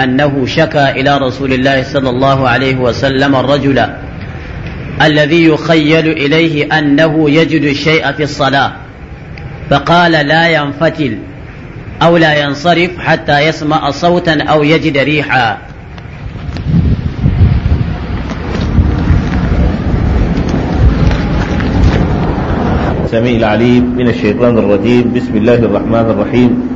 أنه شكى إلى رسول الله صلى الله عليه وسلم الرجل الذي يخيل إليه أنه يجد الشيء في الصلاة فقال لا ينفتل أو لا ينصرف حتى يسمع صوتا أو يجد ريحا سميع العليم من الشيطان الرجيم بسم الله الرحمن الرحيم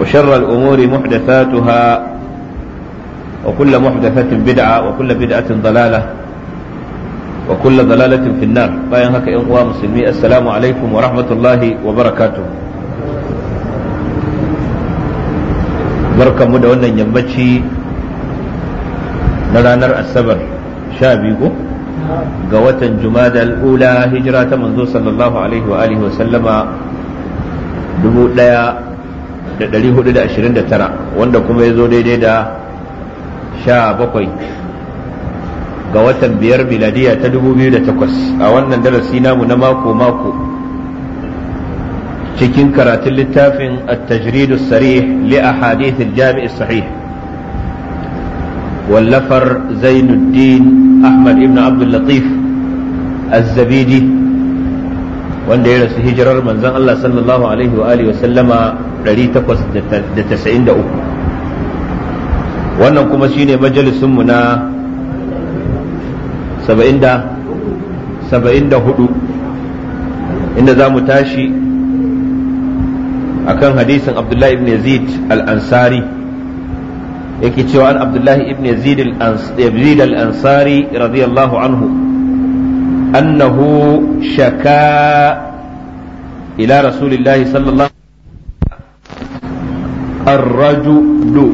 وشر الأمور محدثاتها وكل محدثة بدعة وكل بدعة ضلالة وكل ضلالة في النار باين هكا إخوة مسلمي السلام عليكم ورحمة الله وبركاته بركة مدى وانا ينبتشي نرانر السبر شابيكو ga watan jumada al'ula hijira ta manzo sallallahu alaihi wa alihi wa sallama dubu ɗaya da 429 wanda kuma ya zo daidai da 17 ga watan biyar miladiya ta 2008 a wannan darasi namu na mako-mako cikin karatun littafin at-tajridu sarih li ahadith al-jami' sahih wallafar zainuddin ahmad ibn abdul latif az-zabidi wanda ya rasu hijirar manzon Allah sallallahu alaihi wa alihi wa sallama 1893 wannan kuma shine majalisunmu na 74 inda za mu tashi akan hadisin abdullahi ibn yazid al-ansari yake cewa an abdullahi ibn yazid al-ansari radiyallahu anhu annahu shaka ila rasulillahi sallallahu الرجل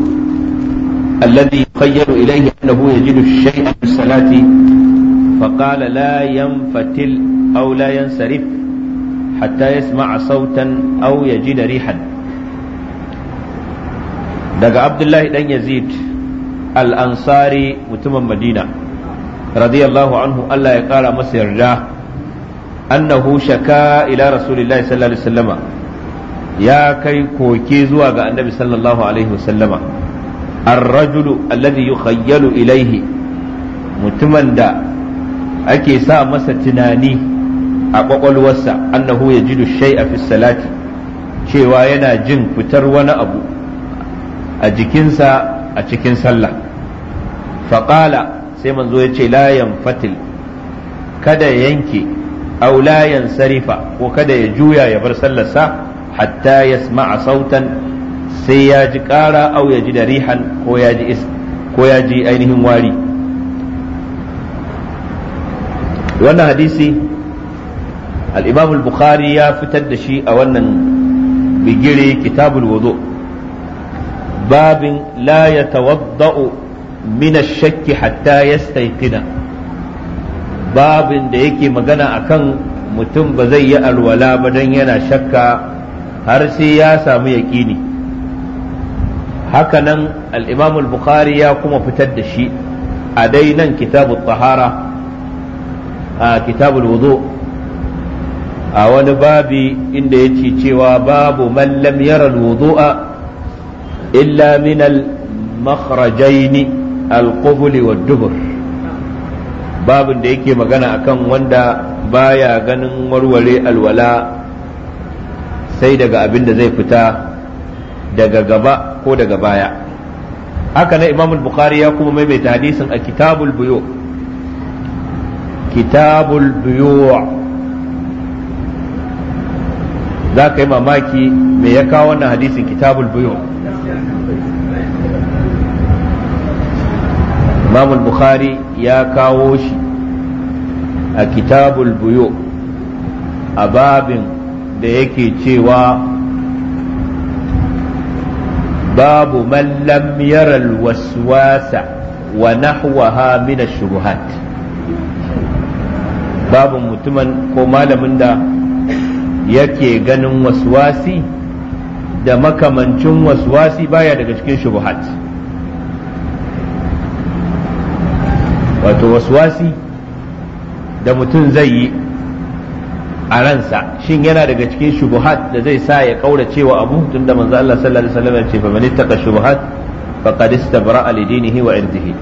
الذي يخيل إليه أنه يجد الشيء في الصلاة فقال لا ينفتل أو لا ينصرف حتى يسمع صوتا أو يجد ريحا دقى عبد الله بن يزيد الأنصاري متم مدينة رضي الله عنه ألا يقال مسير جاه أنه شكا إلى رسول الله صلى الله عليه وسلم ya kai koke zuwa ga annabi sallallahu alaihi wasallama ar alladhi yukhayyalu ilaihi mutumin da ake sa masa tunani a kwakwalwarsa annahu yajidu shay'a fi salati cewa yana jin fitar wani abu a jikinsa a cikin sallah faqala sai manzo ya ce la yanfatil kada yanke aw la yansarifa ko kada ya juya ya bar sallarsa hatta yasma'a sautan sai ya ji ƙara au ya ji da rihan ko ya ji ainihin wari wannan hadisi al-imam al-bukhari ya fitar da shi a wannan bigire kitabul wudu babin la yatawadda'u min ash-shakki hatta yastayqina babin da yake magana akan mutum ba zai yi alwala ba dan yana shakka har sai ya samu yaƙini hakanan al-imam al-bukhari ya kuma fitar da shi a dai nan kitabul tahara a kitabul wudu a wani babi inda ya ce cewa babu mallam lam yara wudu'a illa min al-makhrajaini al wa dubur babin da yake magana akan wanda baya ganin warware alwala sai daga abin da zai fita daga gaba ko daga baya haka na imam bukhari ya kuma maimaita hadisin a kitabul buyu kitabul buyu za ka yi mamaki me ya kawo wannan hadisin kitabul buyu imam bukhari ya kawo shi a kitabul buyu a babin da yake cewa babu man lam yara wa nahwaha min ash-shubuhat babu mutumin ko malamin da yake ganin waswasi da makamancin waswasi baya daga cikin shubuhat wato waswasi da mutum zai yi a ransa shin yana daga cikin shubuhat da zai sa ya kaura cewa abu tunda manzo Allah sallallahu alaihi wasallam ya ce fa man ittaqa shubuhat faqad istabra'a li dinihi wa irdihi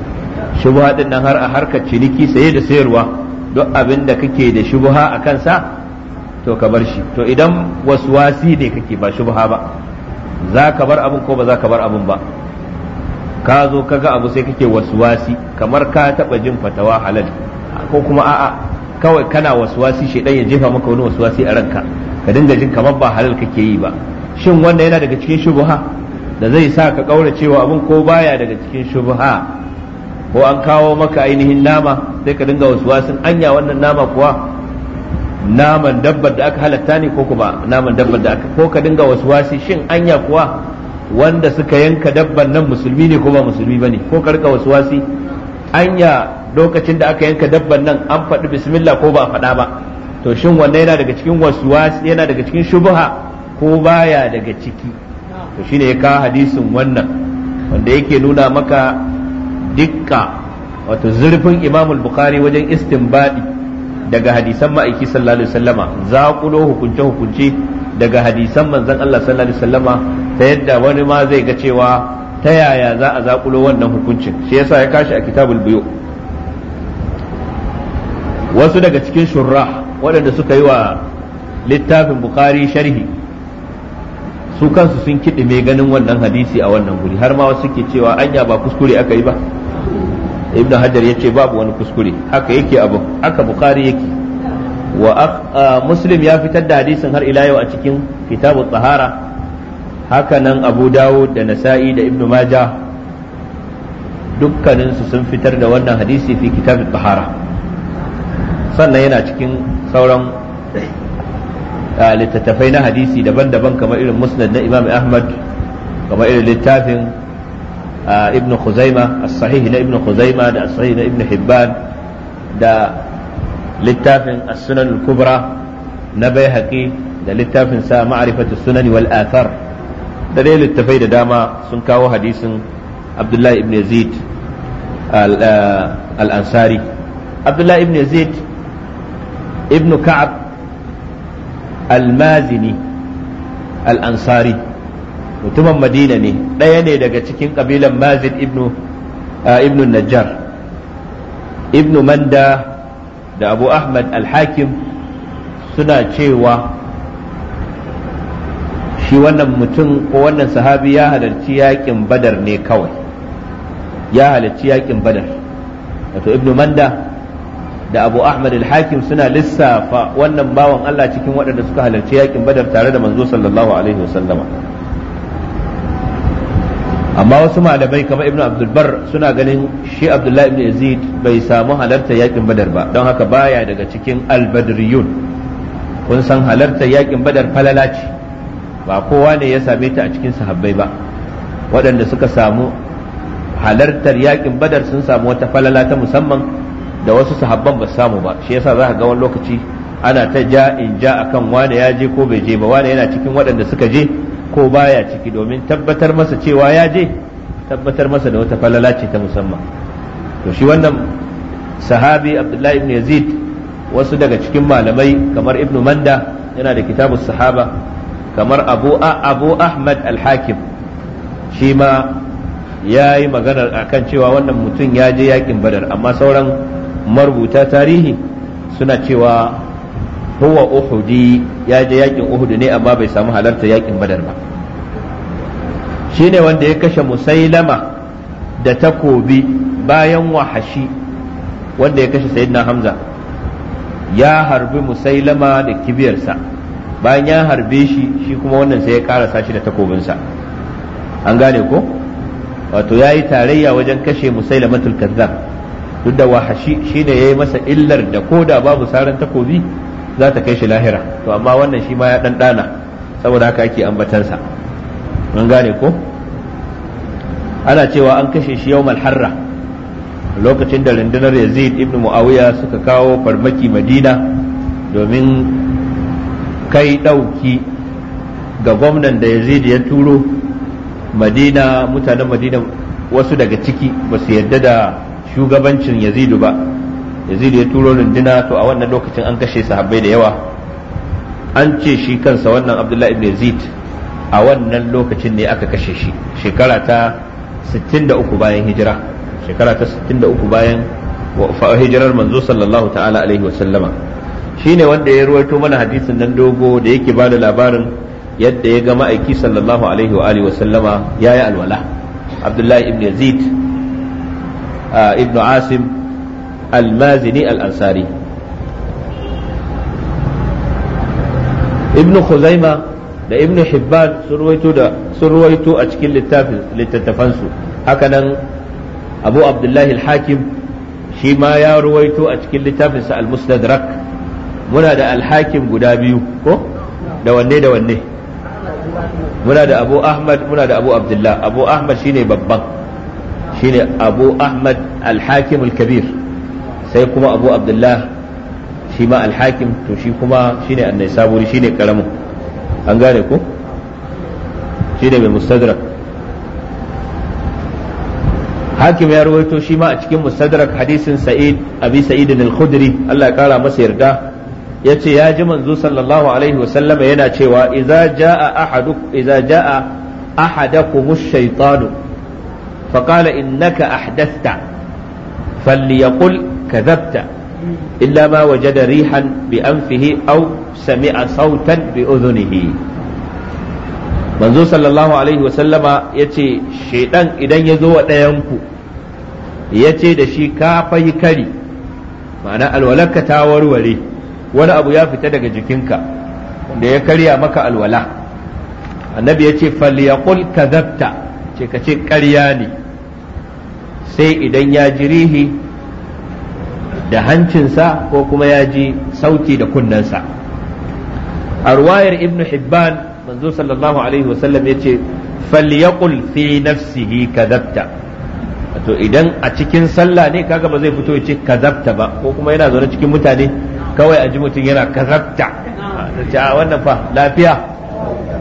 shubuhat din nan har a harkar ciniki saye da sayarwa duk abin da kake da shubuha a kansa to ka bar shi to idan waswasi ne kake ba shubuha ba za ka bar abin ko ba za ka bar abin ba ka zo kaga abu sai kake waswasi kamar ka taba jin fatawa halal ko kuma a'a kawai kana waswasi shedan ya jefa maka wani waswasi a ranka ka dinga jin kamar ba halal kake yi ba shin wanda yana daga cikin shubha da zai sa ka kaura cewa abin ko baya daga cikin shubha ko an kawo maka ainihin nama sai ka dinga waswasin anya wannan nama kuwa naman dabbar da aka halatta ne ko kuma naman dabbar da aka ko ka dinga waswasi shin anya kuwa wanda suka yanka dabban nan musulmi ne ko ba musulmi bane ko ka rika waswasi anya lokacin da aka yanka dabban nan an faɗi bismillah ko ba faɗa ba to shin wannan yana daga cikin waswas yana daga cikin shubha ko baya daga ciki to shine ya kawo hadisin wannan wanda yake nuna maka dukka wato zurfin imamul bukhari wajen istinbadi daga hadisan ma'aiki sallallahu alaihi wasallama hukunce hukunce daga hadisan manzon Allah sallallahu alaihi wasallama ta yadda wani ma zai ga cewa ta yaya za a zaƙulo wannan hukuncin shi yasa ya kashi a kitabul buyu' wasu daga cikin shurra waɗanda suka yi wa littafin bukari sharhi su kansu sun kiɗi mai ganin wannan hadisi a wannan guri har ma wasu ke cewa anya ba kuskure aka yi ba ibn hajar ya ce babu wani kuskure haka yake abu haka bukari yake wa muslim ya fitar da hadisin har ila yau a cikin kitabu tsahara haka nan abu dawo da nasa'i da ibn majah dukkaninsu sun fitar da wannan hadisi fi kitabu tsahara. sannan yana cikin sauran ah, littattafai na hadisi daban-daban kamar irin musnad na imam ahmad kamar irin littafin ah, ibn khuzaima as-sahih na ibn khuzaima da as-sahih na ibn hibban da littafin as-sunan al-kubra na baihaqi da littafin sa ma'rifatu sunani wal athar da dai littafai da dama sun kawo hadisin abdullahi ibn yazid ah, al-ansari abdullahi ibn yazid ابن ka'ab almazini ansari mutumin madina ne ɗaya ne daga cikin ƙabilan mazin Ibnu uh, najjar Ibnu manda da abu ahmad al-hakim suna cewa shi wannan mutum ko wannan sahabi ya halarci yakin badar ne kawai ya halarci yakin badar wato Ibnu manda da Abu Ahmad al-Hakim suna lissafa wannan bawan Allah cikin waɗanda suka halarci yakin Badar tare da manzo sallallahu alaihi wasallama amma wasu malamai kamar ibnu abdulbar suna ganin shi abdullahi ibn yazid bai samu halartar yakin badar ba don haka baya daga cikin albadriyun kun san halartar yakin badar falala ce ba kowa ne ya same ta a cikin sahabbai ba waɗanda suka samu halartar yakin badar sun samu wata falala ta musamman da wasu sahabban ba samu ba shi yasa za ka ga wani lokaci ana ta ja in ja akan wane ya je ko bai je ba wane yana cikin waɗanda suka je ko baya ciki domin tabbatar masa cewa ya je tabbatar masa da wata falala ce ta musamman to shi wannan sahabi abdullahi ibn yazid wasu daga cikin malamai kamar ibnu manda yana da kitabus sahaba kamar abu abu ahmad al-hakim shi ma ya yi maganar akan cewa wannan mutum ya je yakin badar amma sauran marubuta tarihi suna cewa huwa uhudi ya je yakin Uhudu ne amma bai samu halarta yakin badar ba shine wanda ya kashe musailama da takobi bayan wahashi wanda ya kashe sayyidina hamza ya harbi musailama da kibiyarsa bayan ya harbe shi shi kuma wannan sai ya karasa shi da takobinsa an gane ko wato ya yi tarayya wajen kashe musailama kazzab duk da wahashi shine yayi masa illar da koda babu saran takobi za ta kai shi lahira to amma wannan shi ma ya dan dana saboda haka ake ambatansa mun gane ko ana cewa an kashe shi yawmal harra lokacin da rundunar Yazid ibn Muawiya suka kawo farmaki Madina domin kai dauki ga gwamnan da Yazid ya turo Madina mutanen Madina wasu daga ciki ba su yadda da shugabancin yazidu ba yazidu ya turo runduna to a wannan lokacin an kashe sahabbai da yawa an ce shi kansa wannan abdullahi ibn yazid a wannan lokacin ne aka kashe shi shekara ta 63 bayan hijira shekara ta 63 bayan hijirar manzo sallallahu ta'ala alaihi wa sallama shine wanda ya ruwaito mana hadisin nan dogo da yake ba da labarin yadda ya ga ma'aiki sallallahu alaihi wa alihi wa sallama yayi alwala abdullahi ibn yazid ibnu asim al-mazini al-ansari ibnu khuzaima da ibnu hibban sun ruwaito da sun a cikin littafin littattafansu hakanan abu abdullahi al-hakim shi ma ya ruwaito a cikin littafinsa al-mustadrak muna da al-hakim guda biyu ko da wanne da wanne muna da abu ahmad muna da abu abdullah abu ahmad shine babban shine abu ahmad al-hakim sai kuma abu abdullah shi ma al to shi kuma shine annai saburi shine karamin an gane ko shine mai mustadrak hakim ya rawaito shi ma a cikin mustadrak hadisin sa'id abi sa'id al-khudri Allah ya kara masa yarda yace ya ji manzo sallallahu alaihi wasallama yana cewa idza jaa ahadukum idza jaa ahadakum ash-shaytanu فقال إنك أحدثت فليقل كذبت إلا ما وجد ريحا بأنفه أو سمع صوتا بأذنه manzo sallallahu alaihi wasallama ya ce shaidan idan ya zo wa ɗayanku ya ce da shi ka fayi kari ma'ana alwalarka ta warware wani abu ya fita daga jikinka da ya karya maka alwala annabi ya ce falyaqul kadhabta ce ka ce ƙarya ne sai idan ya ji rihi da hancinsa ko kuma ya ji sauti da kunnensa a ruwayar ibn hibban manzo sallallahu alaihi wasallam ya ce falyaqul fi nafsihi kadabta to idan a cikin sallah ne kaga ba zai fito ya ce kadabta ba ko kuma yana zaune cikin mutane kawai a ji mutum yana kadabta a wannan fa lafiya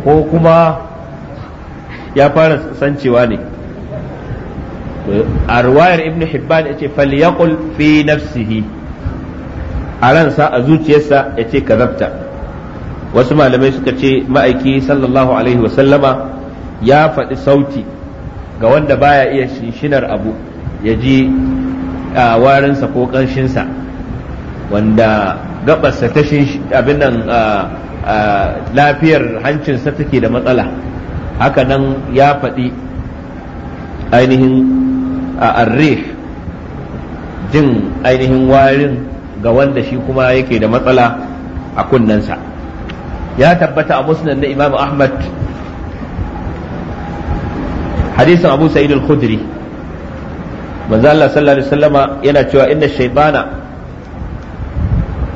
ko kuma ya fara san cewa ne a ruwayar ibn hibban ya ce falyaqul fi nafsihi a ransa a zuciyarsa ya yace kazabta wasu malamai suka ce ma'aiki sallallahu alaihi wa ya faɗi sauti ga wanda baya iya shinshinar abu ya ji warinsa ko ƙanshinsa wanda gabarsa ta abin nan lafiyar hancinsa take da matsala haka nan ya faɗi ainihin arrih jin ainihin warin ga wanda shi kuma yake da matsala a kunnensa ya tabbata a musnad na imam ahmad hadisin abu sa'id al-khudri manzo Allah sallallahu alaihi wasallama yana cewa inna shaytana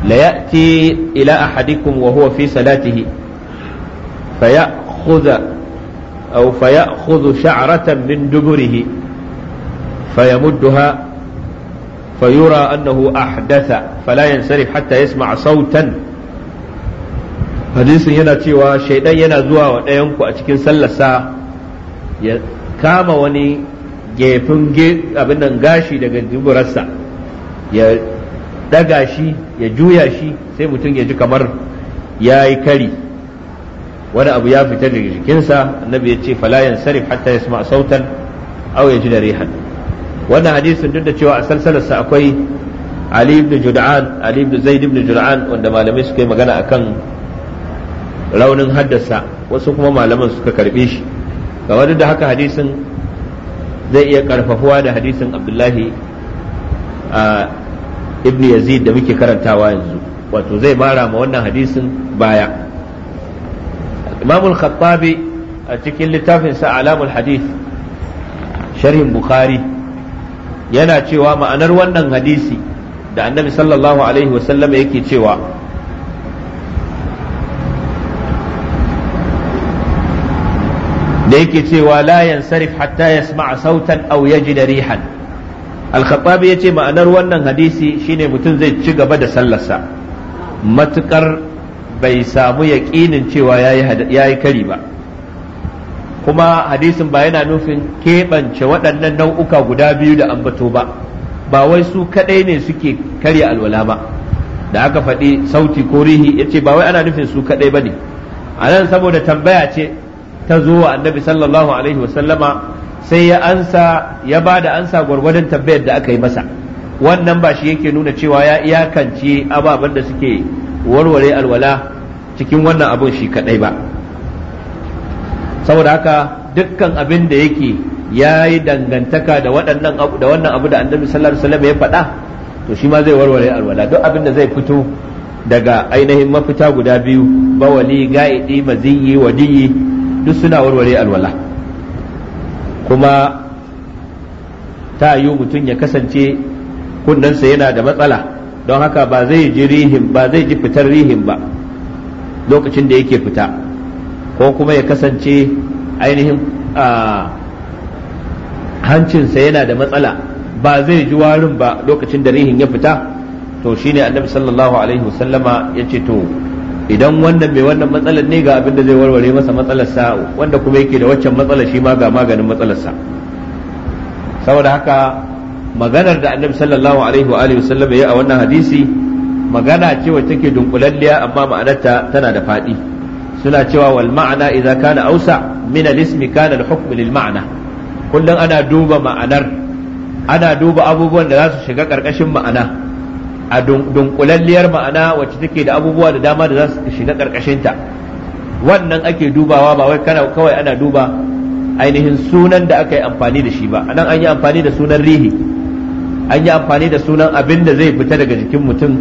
la ya'ti ila ahadikum wa huwa fi salatihi fa ya'khudha أو فيأخذ شعرة من دبره فيمدها فيرى أنه أحدث فلا ينصرف حتى يسمع صوتا hadisin yana cewa shaidan yana zuwa wa ɗayanku a cikin sallarsa ya kama wani gefen abin gashi daga duburarsa ya daga shi ya juya shi sai mutum ya ji kamar ya yi kari wani abu ya fitar daga jikinsa annabi ya ce falayan sarif hatta yasma sautan ji da rihan wannan hadisin duk da cewa a salsalarsa akwai Ali ibn Jud'an Ali ibn Zaid ibn Jud'an wanda malamai suka yi magana a kan raunin haddasa wasu kuma malaman suka karbe shi kamar duk da haka hadisin zai iya karfafuwa da hadisin Abdullahi a ibn Yazid da muke karantawa yanzu wato zai mara ma wannan hadisin baya imamul khattabi a cikin littafinsa a alamul hadith sharhin bukhari yana cewa ma'anar wannan hadisi da annabi sallallahu alaihi wasallam yake cewa da yake cewa la yansarif hatta yasma'a sautan aw yajida rihan al-khattabi yace ma'anar wannan hadisi shine mutum zai ci gaba da sallarsa matukar bai samu yaƙinin cewa ya yi kari ba kuma hadisin ba yana nufin keɓance waɗannan nau'uka guda biyu da ambato ba ba wai su kaɗai ne suke karya alwala ba da aka faɗi sauti ko rihi ya ce ba wai ana nufin su kaɗai ba ne a nan saboda tambaya ce ta zo wa annabi sallallahu alaihi wasallama sai ya ansa ya ba da ansa gwargwadon tambayar da aka yi masa wannan ba shi yake nuna cewa ya iyakance ababen da suke warware alwala cikin wannan abun shi kadai ba saboda haka dukkan abin da yake ya yi dangantaka da waɗannan abu da wannan abu da annabi sallallahu alaihi wasallam ya faɗa to shi ma zai warware alwala duk abin da zai fito daga ainihin mafita guda biyu bawali ga'idi maziyi wadiyi duk suna warware alwala kuma ta yiwu mutum ya kasance kunnensa yana da matsala don haka ba zai ji rihim ba zai ji fitar rihin ba lokacin da yake fita ko kuma ya kasance ainihin hancinsa yana da matsala ba zai ji warin ba lokacin da rihin ya fita to shine annabi sallallahu alaihi wasallama ya ce to idan wannan mai wannan matsalar ne ga abin da zai warware masa matsalarsa wanda kuma yake da waccan matsalar shi ma ga maganin matsalarsa saboda haka maganar da annabi sallallahu alaihi wa alihi wasallam ya a wannan hadisi magana cewa take dunkulalliya amma ma'anarta tana da fadi suna cewa wal ma'ana idza kana ausa min al ismi kana al hukm lil ma'ana kullun ana duba ma'anar ana duba abubuwan da za su shiga karkashin ma'ana a dunkulalliyar ma'ana wacce take da abubuwa da dama da za su shiga karkashinta wannan ake dubawa ba wai kana kawai ana duba ainihin sunan da aka yi amfani da shi ba anan an yi amfani da sunan rihi an yi amfani da sunan abin da zai fita daga jikin mutum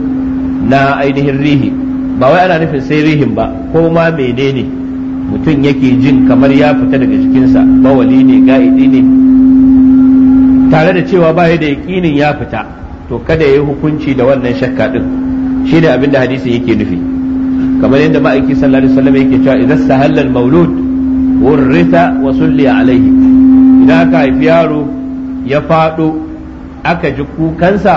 na ainihin rihi ba wai ana nufin sai rihin ba ko ma menene mutum yake jin kamar ya fita daga jikinsa bawali ne ga'idi ne tare da cewa ba da yaƙinin ya fita to kada ya yi hukunci da wannan shakka din ne abin da hadisi yake nufi kamar yadda ma'aiki sallallahu alaihi wasallam yake cewa idan sahalla maulud wurrita wa sulli alaihi idan aka haifi yaro ya faɗo aka ji kukansa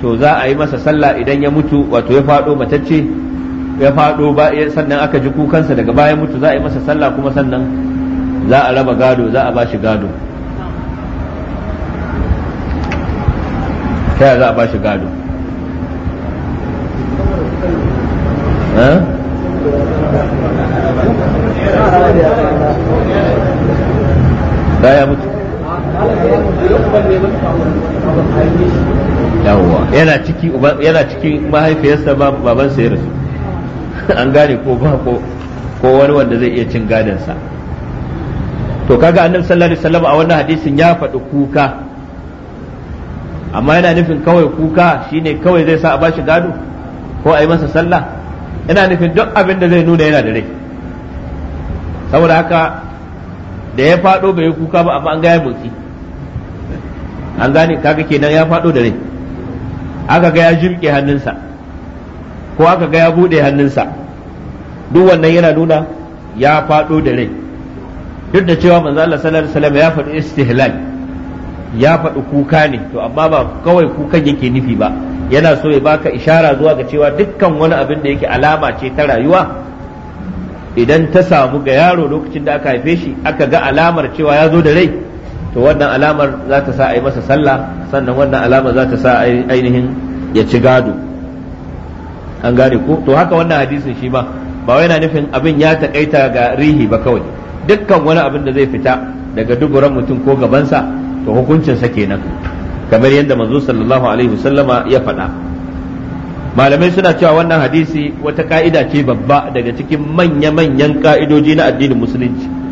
to za a yi masa sallah idan ya mutu wato ya faɗo matacce ya faɗo sannan aka ji kukansa daga bayan mutu za a yi masa sallah kuma sannan za a raba gado za a ba shi gado ta za a ba shi gado ya mutu yana ciki yana cikin mahaifiyarsa ba baban sa ya rasu an gane ko ba ko ko wani wanda zai iya cin gadon sa to kaga annabi sallallahu alaihi wasallam a wannan hadisin ya faɗi kuka amma yana nufin kawai kuka shine kawai zai sa a bashi gado ko a yi masa sallah yana nufin duk abin da zai nuna yana da rai saboda haka da ya faɗo bai yi kuka ba amma an ga ya motsi an gane kaga kenan ya faɗo da rai aka ga ya jirke hannunsa ko aka ga ya buɗe hannunsa duk wannan yana nuna ya faɗo da rai duk da cewa manzo Allah sallallahu alaihi ya faɗi istihlal ya faɗi kuka ne to amma ba kawai kukan yake nufi ba yana so ya baka ishara zuwa ga cewa dukkan wani abin da yake alama ce ta rayuwa idan ta samu ga yaro lokacin da aka haife shi aka ga alamar cewa ya zo da rai to wannan alamar za ta sa a yi masa sallah sannan wannan alamar za ta sa ainihin ya ci gado an gane ko to haka wannan hadisin shi ma ba wai yana nufin abin ya takaita ga rihi ba kawai dukkan wani abin da zai fita daga duburan mutum ko gabansa to hukuncinsa kenan kamar yadda manzo sallallahu alaihi wasallama ya faɗa malamai suna cewa wannan hadisi wata ka'ida ce babba daga cikin manya-manyan ka'idoji na addinin musulunci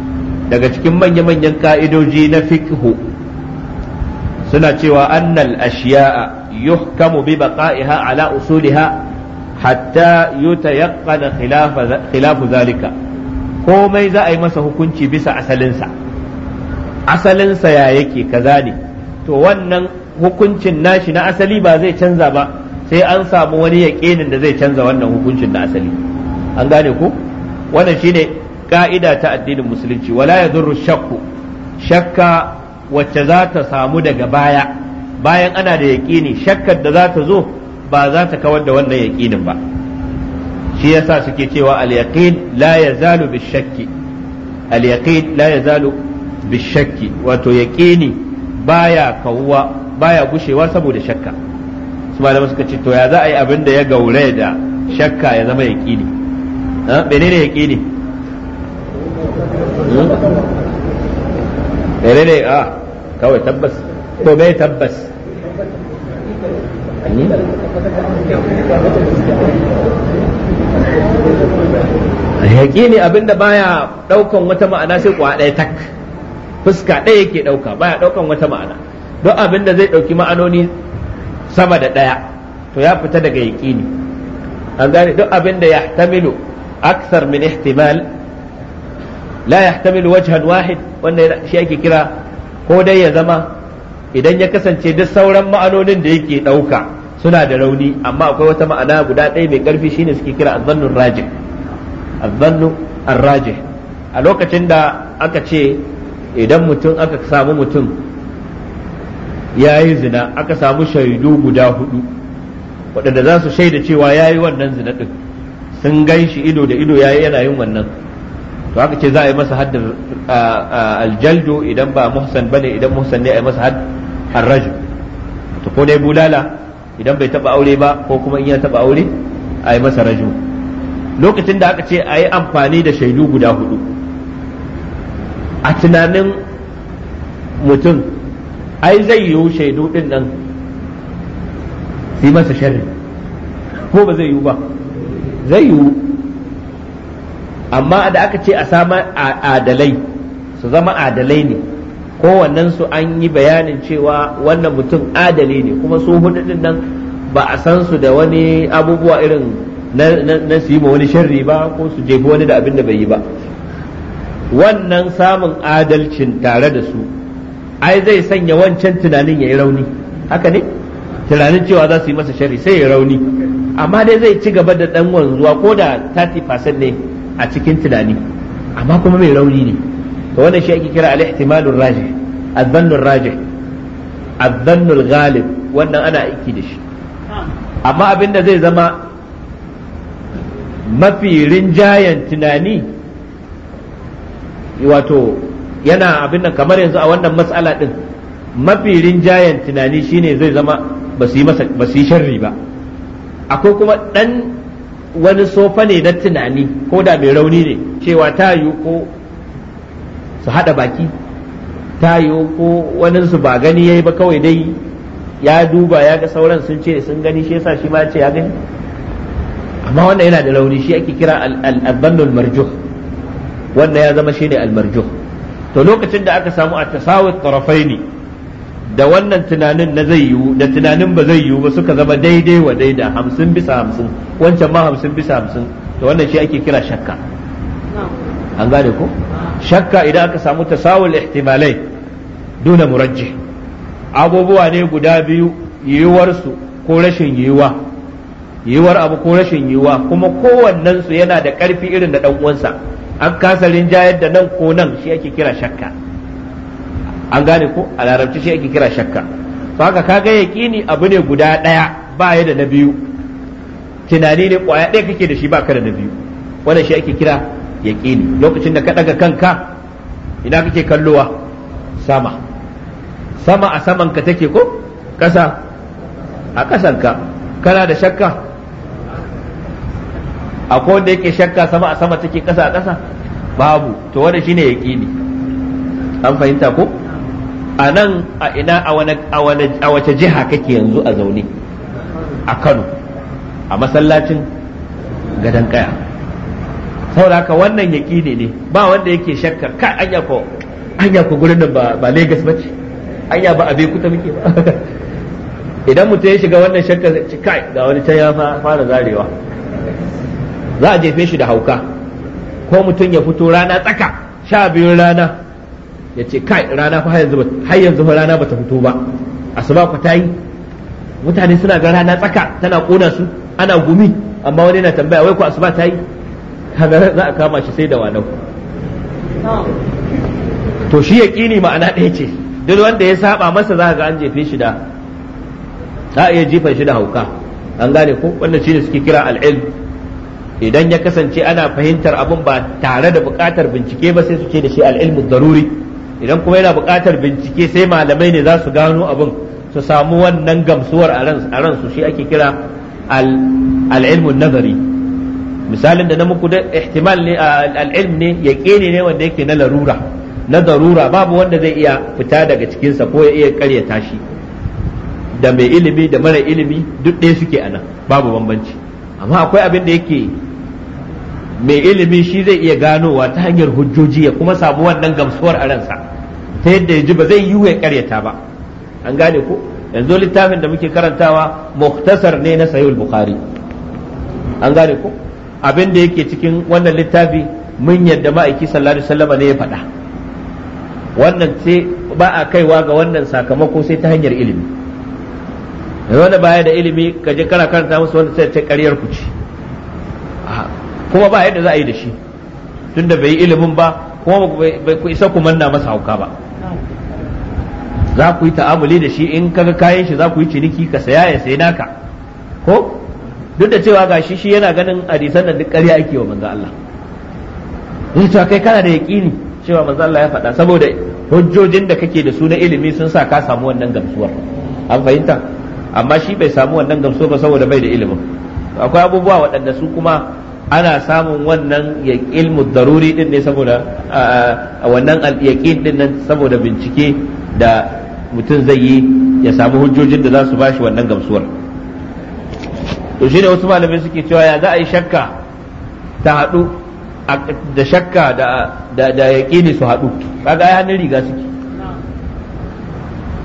daga cikin manya-manyan ka'idoji na fiqhu suna cewa annal ashiya'a yuhkamu bi baqa'iha ala usuliha hatta yutayaqqana khilafu zalika komai za a yi masa hukunci bisa asalinsa asalinsa ya yake kaza ne to wannan hukuncin nashi na asali ba zai canza ba sai an samu wani yaƙinin da zai canza wannan hukuncin na asali an gane ku wannan shine ka'ida ta addinin musulunci wala ya zurru shakku shakka wacce za ta samu daga baya bayan ana da yaƙini shakkar da za ta zo ba za ta kawar da wannan yaƙinin ba shi yasa suke cewa al-yaqin la yazalu bishakki al-yaqin la yazalu bishakki wato yaqini baya kawuwa baya gushewa saboda shakka su malama suka ce to ya za a yi abin da ya gaure da shakka ya zama yaqini menene yaqini Hmm? ne ne a ah, kawai tabbas to bai tabbas hmm? yaƙini abinda baya ɗaukan wata ma'ana sai kuwa ɗaya tak fuska ɗaya yake ɗauka baya ɗaukan wata ma'ana don abinda zai ɗauki ma'anoni sama da ɗaya to ya fita daga yaƙini an gane duk abinda ya tamilu aksar min ihtimal la yahtamilu wajhan wahid wanda shi ake kira ko dai ya zama idan ya kasance duk sauran ma'anonin da yake ɗauka suna da rauni amma akwai wata ma'ana guda ɗaya mai ƙarfi shine suke kira azzannun rajih azzannu arrajih a lokacin da aka ce idan mutum aka samu mutum ya yi zina aka samu shaidu guda hudu waɗanda za su shaida cewa ya yi wannan zina ɗin sun ganshi ido da ido ya yi yana yin wannan to haka ce za a yi masa haddar aljaldo idan ba muhsan bane idan muhsan ne a yi masa hadd arrajul to ko dai bulala idan bai taba aure ba ko kuma in ya taba aure a yi masa raju lokacin da aka ce a yi amfani da shaidu guda hudu a tunanin mutum ai zai yiwu shaidu din nan su masa sharri ko ba zai yiwu ba zai yiwu amma da aka ce a sama adalai su zama adalai ne kowannen su an yi bayanin cewa wannan mutum adali ne kuma su hudu nan ba a san su da wani abubuwa irin na su yi ma wani sharri ba ko su jefi wani da abin da bai yi ba wannan samun adalcin tare da su ai zai sanya wancan tunanin ya yi rauni haka ne tunanin cewa za su yi masa shari sai ya rauni amma dai zai ci gaba da dan wanzuwa ko da 30% ne a cikin tunani amma kuma mai rauni ne to wannan shi ake kira al-ihtimalur rajih adh-dhannur rajih adh-dhannul ghalib wannan ana aiki da shi amma abinda zai zama mafi rinjayen tunani wato yana abin nan kamar yanzu a wannan matsala din mafi rinjayen tunani shine zai zama ba su yi sharri ba akwai kuma ɗan wani sofa ne na tunani ko da mai rauni ne cewa ta yiwu ko su haɗa baki ta yiwu ko waninsu ba gani ya yi ba kawai dai ya duba ya ga sauran sun ce sun gani shi yasa shi ma ce ya gani amma wannan yana da rauni shi ake kira al-dhannu marjuh wannan ya zama shine al-marjuh to lokacin da aka samu at-tasawut ne. da wannan tunanin na zai yiwu da tunanin ba zai yiwu ba suka zama daidai wa daida hamsin bisa hamsin wancan ma hamsin bisa hamsin to wannan shi ake kira shakka an gane ko shakka idan aka samu tasawul ihtimalai duna murajjih abubuwa ne guda biyu yiwuwarsu ko rashin yiwuwa yiwuwar abu ko rashin yiwuwa kuma kowannen su yana da karfi irin da dan uwansa an kasa jayar da nan ko nan shi ake kira shakka an gane ko a larabci shi ake kira shakka to haka kaga yaqini abu ne guda daya ba ya da na biyu tunani ne kwaya ɗaya kake da shi ba ka da na biyu wannan shi ake kira yaqini lokacin da ka daga kanka ina kake kallowa sama sama a saman ka take ko ƙasa a ka kana da shakka akwai wanda yake shakka sama a sama take ƙasa a ƙasa babu to wannan shine yaqini an fahimta ko a nan a ina a wace jiha kake yanzu a zaune a kano a masallacin gadon kaya saboda haka wannan yaki ne ba wanda yake shakka ka anya ko anya ko gurin nan ba Lagos bace anya ba abe kuta muke ba idan mutum ya shiga wannan shakka kai ga wani can ya fara zarewa za a jefe shi da hauka ko mutum ya fito rana tsaka sha biyun rana ya ce kai rana fa har yanzu rana bata fito ba asuba ku tayi mutane suna ga rana tsaka tana kona su ana gumi amma wani yana tambaya wai ku asuba tayi kaga za a kama shi sai da walau to shi kini ma'ana ɗaya ce duk wanda ya saba masa za ga an jefe shi da za a iya jifan shi da hauka an gane ko wannan shine suke kira al'ilm idan ya kasance ana fahimtar abun ba tare da buƙatar bincike ba sai suke da shi al'ilmu daruri idan kuma yana buƙatar bincike sai malamai ne za su gano abin su samu wannan gamsuwar a ransu shi ake kira al'ilmun nazari misalin da na muku da ihtimal ne al'ilm ne ya ne wanda yake na larura na darura babu wanda zai iya fita daga cikinsa ko ya iya karyata shi da mai ilimi da mara ilimi duk ɗaya suke a nan babu bambanci amma akwai abin da yake mai ilimi shi zai iya ganowa ta hanyar hujjoji ya kuma samu wannan gamsuwar a ransa ta yadda ya ji ba zai yiwu ya karyata ba an gane ko yanzu littafin da muke karantawa muktasar ne na sayul bukhari an gane ko abin da yake cikin wannan littafi mun yadda ma'aiki sallallahu alaihi ne ya faɗa wannan ce ba a kaiwa ga wannan sakamako sai ta hanyar ilimi wanda baya da ilimi ka je kana karanta musu wanda sai ta ƙaryar ku ce kuma ba yadda za a yi da shi tunda bai yi ilimin ba kuma ba ku isa ku manna masa hauka ba za ku yi ta'amuli da shi in kaga kayan shi za ku yi ciniki ka saya ya sai naka ko duk da cewa gashi shi yana ganin hadisan da duk karya ake wa manzo Allah in cewa kai kana da yaƙini cewa manzo Allah ya faɗa saboda hujjojin da kake da su na ilimi sun sa ka samu wannan gamsuwar an fahimta amma shi bai samu wannan gamsuwar ba saboda bai da ilimin akwai abubuwa waɗanda su kuma ana samun wannan ilmu daruri din ne saboda wannan yaƙin din nan saboda bincike da mutum zai yi ya samu hujjojin da za su ba shi wannan gamsuwar to shi ne wasu malamai suke cewa ya za a yi shakka ta haɗu da shakka da yaƙini su haɗu kaga ai hannun riga suke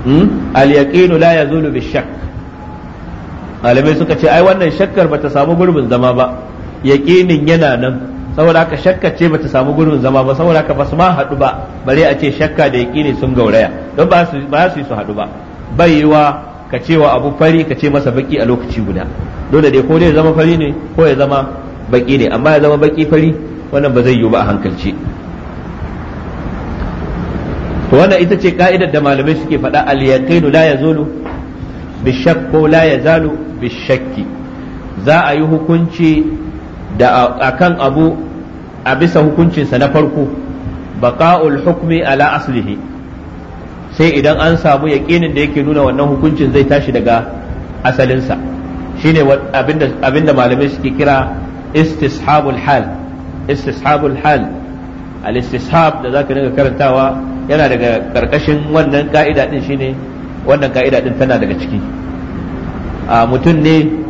hmm? al yaqinu la yazulu bi shakk malamai suka ce ai wannan shakkar bata samu gurbin zama ba yaƙinin yana nan saboda haka shakka ce bata samu gurbin zama ba saboda haka basu ma haɗu ba bare a ce shakka da ne sun gauraya don ba su yi su haɗu ba bai ka ce wa abu fari ka ce masa baki a lokaci guda dole dai ko dai zama fari ne ko ya zama baki ne amma ya zama baki fari wannan ba zai yiwu ba a hankalci to wannan ita ce ka'idar da malamai suke faɗa al yaqinu la yazulu bi shakk ko la yazalu bi shakki za a yi hukunci da akan abu a bisa hukuncinsa na farko baka'ul hukmi ala aslihi sai idan an samu yaƙinin da yake nuna wannan hukuncin zai tashi daga asalinsa shine ne abinda malamai suke kira istishabul hal istishabul hal al-istishab da zaka dinga karantawa yana daga karkashin wannan ka'ida din shine wannan ka'ida din tana daga ciki a mutum ne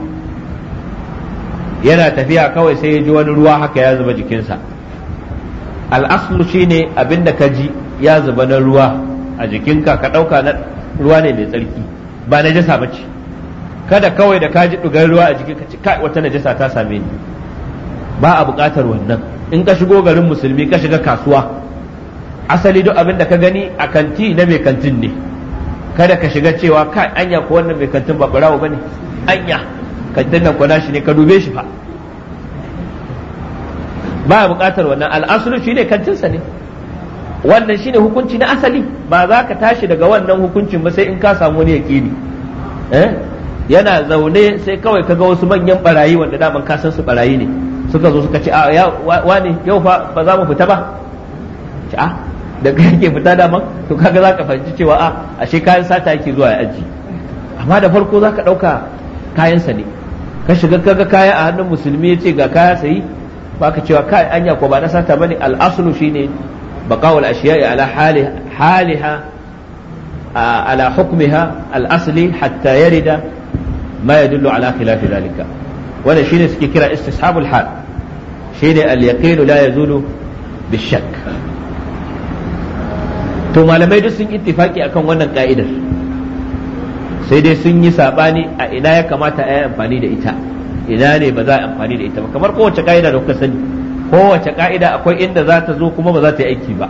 yana tafiya kawai sai ya ji wani ruwa haka ya zuba jikinsa al'aslu ne abinda ka ji ya zuba na ruwa a jikinka ka ɗauka na ruwa ne mai tsarki ba na jasa ba ce kada kawai da ka ji ɗugar ruwa a jikinka ce kai wata na jasa ta same ni ba a buƙatar wannan in ka shigo garin musulmi ka shiga kasuwa asali duk abin da ka gani a kanti na mai kantin ne kada ka shiga cewa kai anya ko wannan mai kantin ba barawo ne anya kantin nan kwana shi ne ka dube shi fa ba ya buƙatar wannan al'asulu shi ne kantinsa ne wannan shi ne hukunci na asali ba za ka tashi daga wannan hukuncin ba sai in ka samu wani yaƙini eh? yana zaune sai kawai ka ga wasu manyan barayi wanda daman ka san su barayi ne suka zo suka ce a ya wani yau fa ba za mu fita ba ce a ah, da kai ke fita daman to kaga za ka fahimci cewa a ah, ashe kayan sata yake zuwa ya aji amma da farko za ka ɗauka kayansa ne ka shiga kaga kaya a hannun musulmi ya ce ga kaya sayi baka cewa kai anya ko ba na sata bane al shine ashiya'i ala hali haliha ala hukmiha al'asli hatta yarida ma yadullu ala khilafi zalika wannan shine suke kira istishabul hal shine al-yaqin la yazulu bishak to malamai duk sun ittifaki akan wannan ka'idar sai dai sun yi sabani a ina ya kamata a yi amfani da ita ina ne ba za a amfani da ita ba kamar kowace ka'ida da kuka sani kowace ka'ida akwai inda za ta zo kuma ba za ta yi aiki ba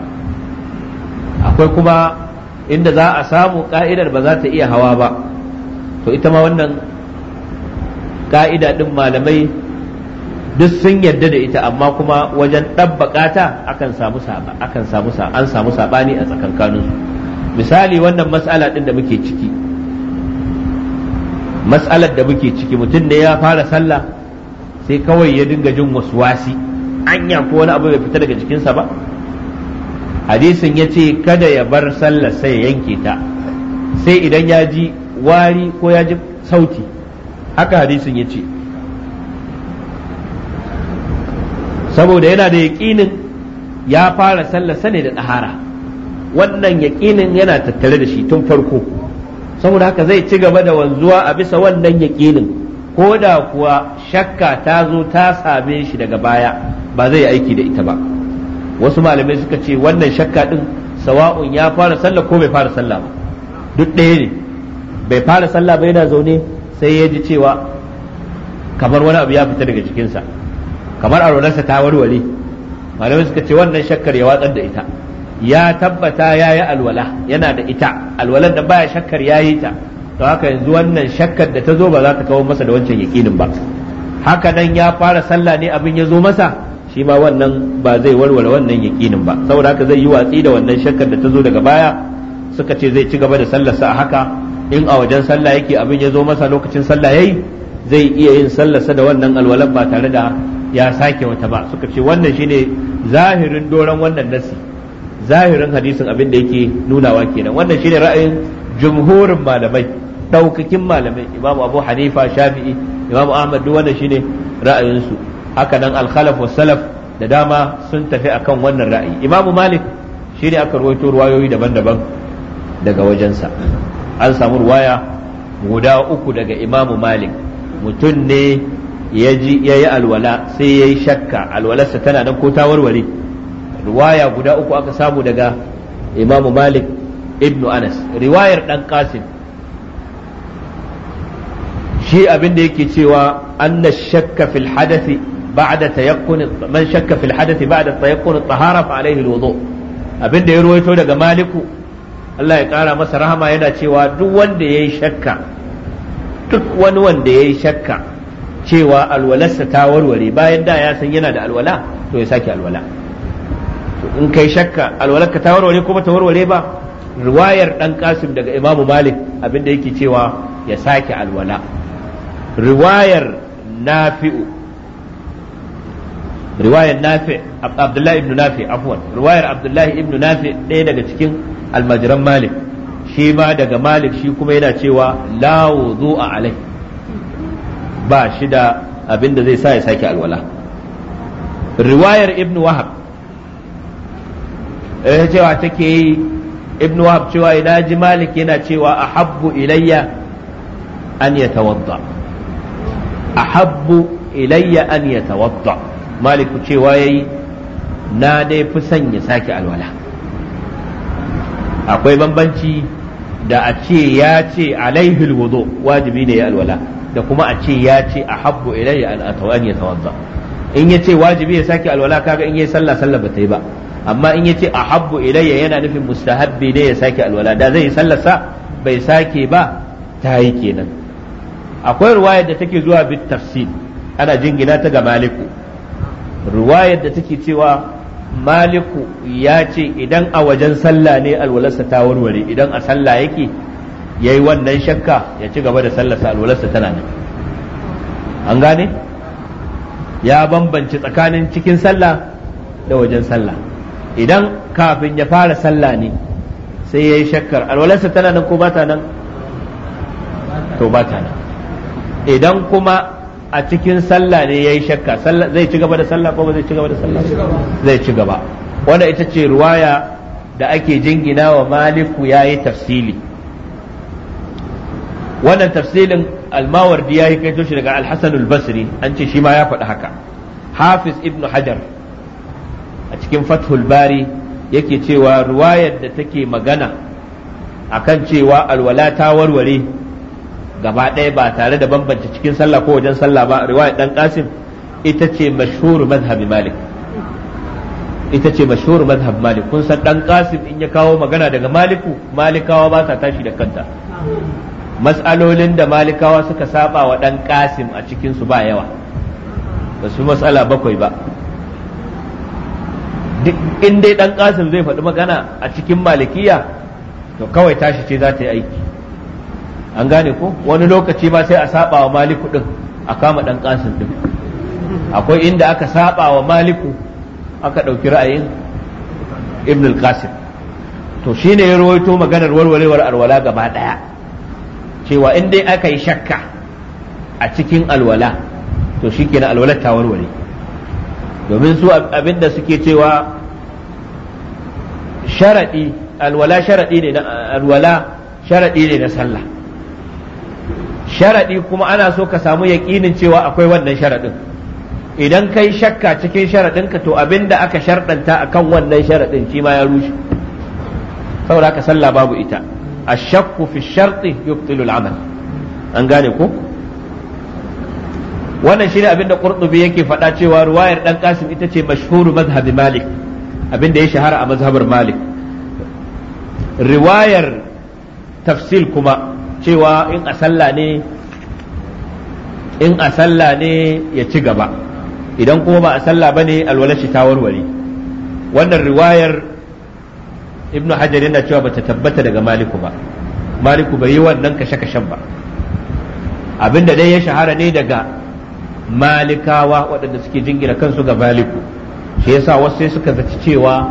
akwai kuma inda za a samu ka'idar ba za ta iya hawa ba to ita ma wannan ka'ida din malamai duk sun yarda da ita amma kuma wajen ɗabbaka ta akan samu saba akan samu an samu sabani a tsakankaninsu misali wannan matsala din da muke ciki matsalar da muke ciki mutum da ya fara sallah sai kawai ya dinga jin waswasi anya ko wani abu bai fita daga jikinsa ba hadisin ya ce kada ya bar sallah sai ya yanke ta sai idan ya ji wari ko ya ji sauti haka hadisin ya ce saboda yana da yaƙinin ya fara sallah sane da ɗahara wannan yaƙinin yana tattare da shi tun farko saboda haka zai ci gaba da wanzuwa a bisa wannan yaƙinin ko da kuwa shakka ta zo ta same shi daga baya ba zai aiki da ita ba wasu malamai suka ce wannan shakka din sawa'un ya fara sallah ko bai fara sallah ba duk ɗaya ne bai fara sallah ba yana zaune sai ya ji cewa kamar wani abu ya fita daga jikinsa kamar a ta warware malamai suka ce wannan shakkar ya watsar da ita ya tabbata ya yi alwala yana da ita alwalan da baya shakkar ya yi ta to haka yanzu wannan shakkar da ta zo ba za ta kawo masa da wancan yakinin ba haka nan ya fara sallah ne abin ya zo masa shi ma wannan ba zai warware wannan yakinin ba saboda haka zai yi watsi da wannan shakkar da ta zo daga baya suka ce zai ci gaba da sallar sa haka in a wajen sallah yake abin ya zo masa lokacin sallah yayi zai iya yin sallarsa da wannan alwalan ba tare da ya sake wata ba suka ce wannan shine zahirin doron wannan nasi zahirin hadisin abin da yake nunawa kenan wannan shine ra'ayin jumhurin malamai daukakin malamai imamu abu hanifa shafi'i imamu ahmad duk wannan shine ra'ayinsu haka nan al-khalaf salaf da dama sun tafi akan wannan ra'ayi imamu malik shine aka rawaito ruwayoyi daban-daban daga wajensa an samu ruwaya guda uku daga imamu malik mutum ne ya yi alwala sai ya yi shakka alwalarsa tana nan ko ta warware riwaya guda uku aka samu daga imam malik ibn anas riwayar dan qasim shi abin da yake cewa anna shakka fil hadathi ba'da tayakkun man shakka fil hadathi ba'da tayakkun tahara fa alaihi alwudu abin da ya ruwaito daga maliku Allah ya kara masa rahama yana cewa duk wanda yayi shakka duk wani wanda yayi shakka cewa alwalarsa ta warware bayan da ya san yana da alwala to ya sake alwala to in kai shakka alwalarka ta warware ko bata warware ba riwayar dan kasim daga imamu malik abinda yake cewa ya sake alwala riwayar nafi'u riwayar nafi abdullahi ibn nafi afwan riwayar abdullahi ibn nafi ɗaya daga cikin almajiran malik shi ma daga malik shi kuma yana cewa la wudu alai ba shi da abinda zai sa ya sake alwala riwayar ibn wahab ya eh, cewa take yi ibnu wahab cewa ina ji malik yana cewa ahabbu ilayya an yatawadda ahabbu ilayya an yatawadda malik cewa yayi na dai fi son ya sake alwala akwai bambanci da a ce ya ce alaihil alwudu wajibi ne ya alwala da kuma a ce ya ce ahabbu ilayya an atawadda in ya ce wajibi ya sake alwala kaga in yi sallah sallah ba ta yi ba amma in yace ahabbu ilayya yana nufin mustahabbi ne ya sake alwala da zai sallarsa bai sake ba ta yi kenan akwai ruwayar da take zuwa bit tafsir ana jingina ta ga maliku ruwayar da take cewa maliku ya ce idan a wajen sallah ne alwalarsa ta warware idan a sallah yake ya yi wannan shakka ya ci gaba da sallarsa alwalarsa tana nan an gane ya bambance tsakanin cikin sallah da wajen sallah idan kafin ya fara sallah ne sai ya yi shakkar alwalarsa tana nan ko ba ta nan to ba ta nan idan kuma a cikin sallah ne ya yi shakka zai ci gaba da sallah ko ba zai ci gaba da sallah zai ci gaba wanda ita ce ruwaya da ake jingina wa maliku ya yi tafsili wannan tafsilin almawardi ya yi kai shi daga alhassan basri an ce shi ma ya faɗi haka hafiz ibnu hajar a cikin fathul bari yake cewa ruwayar da take magana akan cewa alwala ta warware gaba ɗaya ba tare da bambanci cikin sallah ko wajen sallah ba riwayar dan qasim ita ce mashhur mazhabi malik ita ce mashhur mazhab malik kun san dan qasim in ya kawo magana daga maliku malikawa ba sa tashi da kanta mas'alolin da malikawa suka saba wa dan qasim a cikin su ba yawa ba su matsala bakwai ba in dai dan kasim zai faɗi magana a cikin malikiya to kawai tashi ce za ta yi aiki an gane ko wani lokaci ma sai a saba wa maliku din a kama dan kasim din akwai inda aka saba wa maliku aka ɗauki ra'ayin ibn al-qasim to shine ya rawaito maganar warwarewar alwala gaba ɗaya cewa in dai aka yi shakka a cikin alwala to shikenan alwalar ta warware domin su abinda suke cewa Sharaɗi alwala sharadi ne na alwala sharadi ne na sallah sharadi kuma ana so ka samu yaƙinin cewa akwai wannan sharadin idan kai shakka cikin sharadin ka to abinda aka shardanta akan wannan sharadin shi ma ya rushe saboda ka sallah babu ita shakku fi sharti yubtilu al-amal an gane ko wannan shine abinda qurtubi yake faɗa cewa ruwayar ɗan kasim ita ce mashhuru mazhabi malik abin da ya shahara a mazhabar malik riwayar tafsil kuma cewa in a sallah ne in a sallah ne ya ci gaba idan kuma ba a sallah bane alwalar ta warware wannan riwayar ibnu hajar yana cewa bata tabbata daga maliku ba maliku bai yi wannan kashe-kashen ba abinda dai ya shahara ne daga malikawa waɗanda suke jingira kansu ga maliku shi yasa wasu sai suka zaci cewa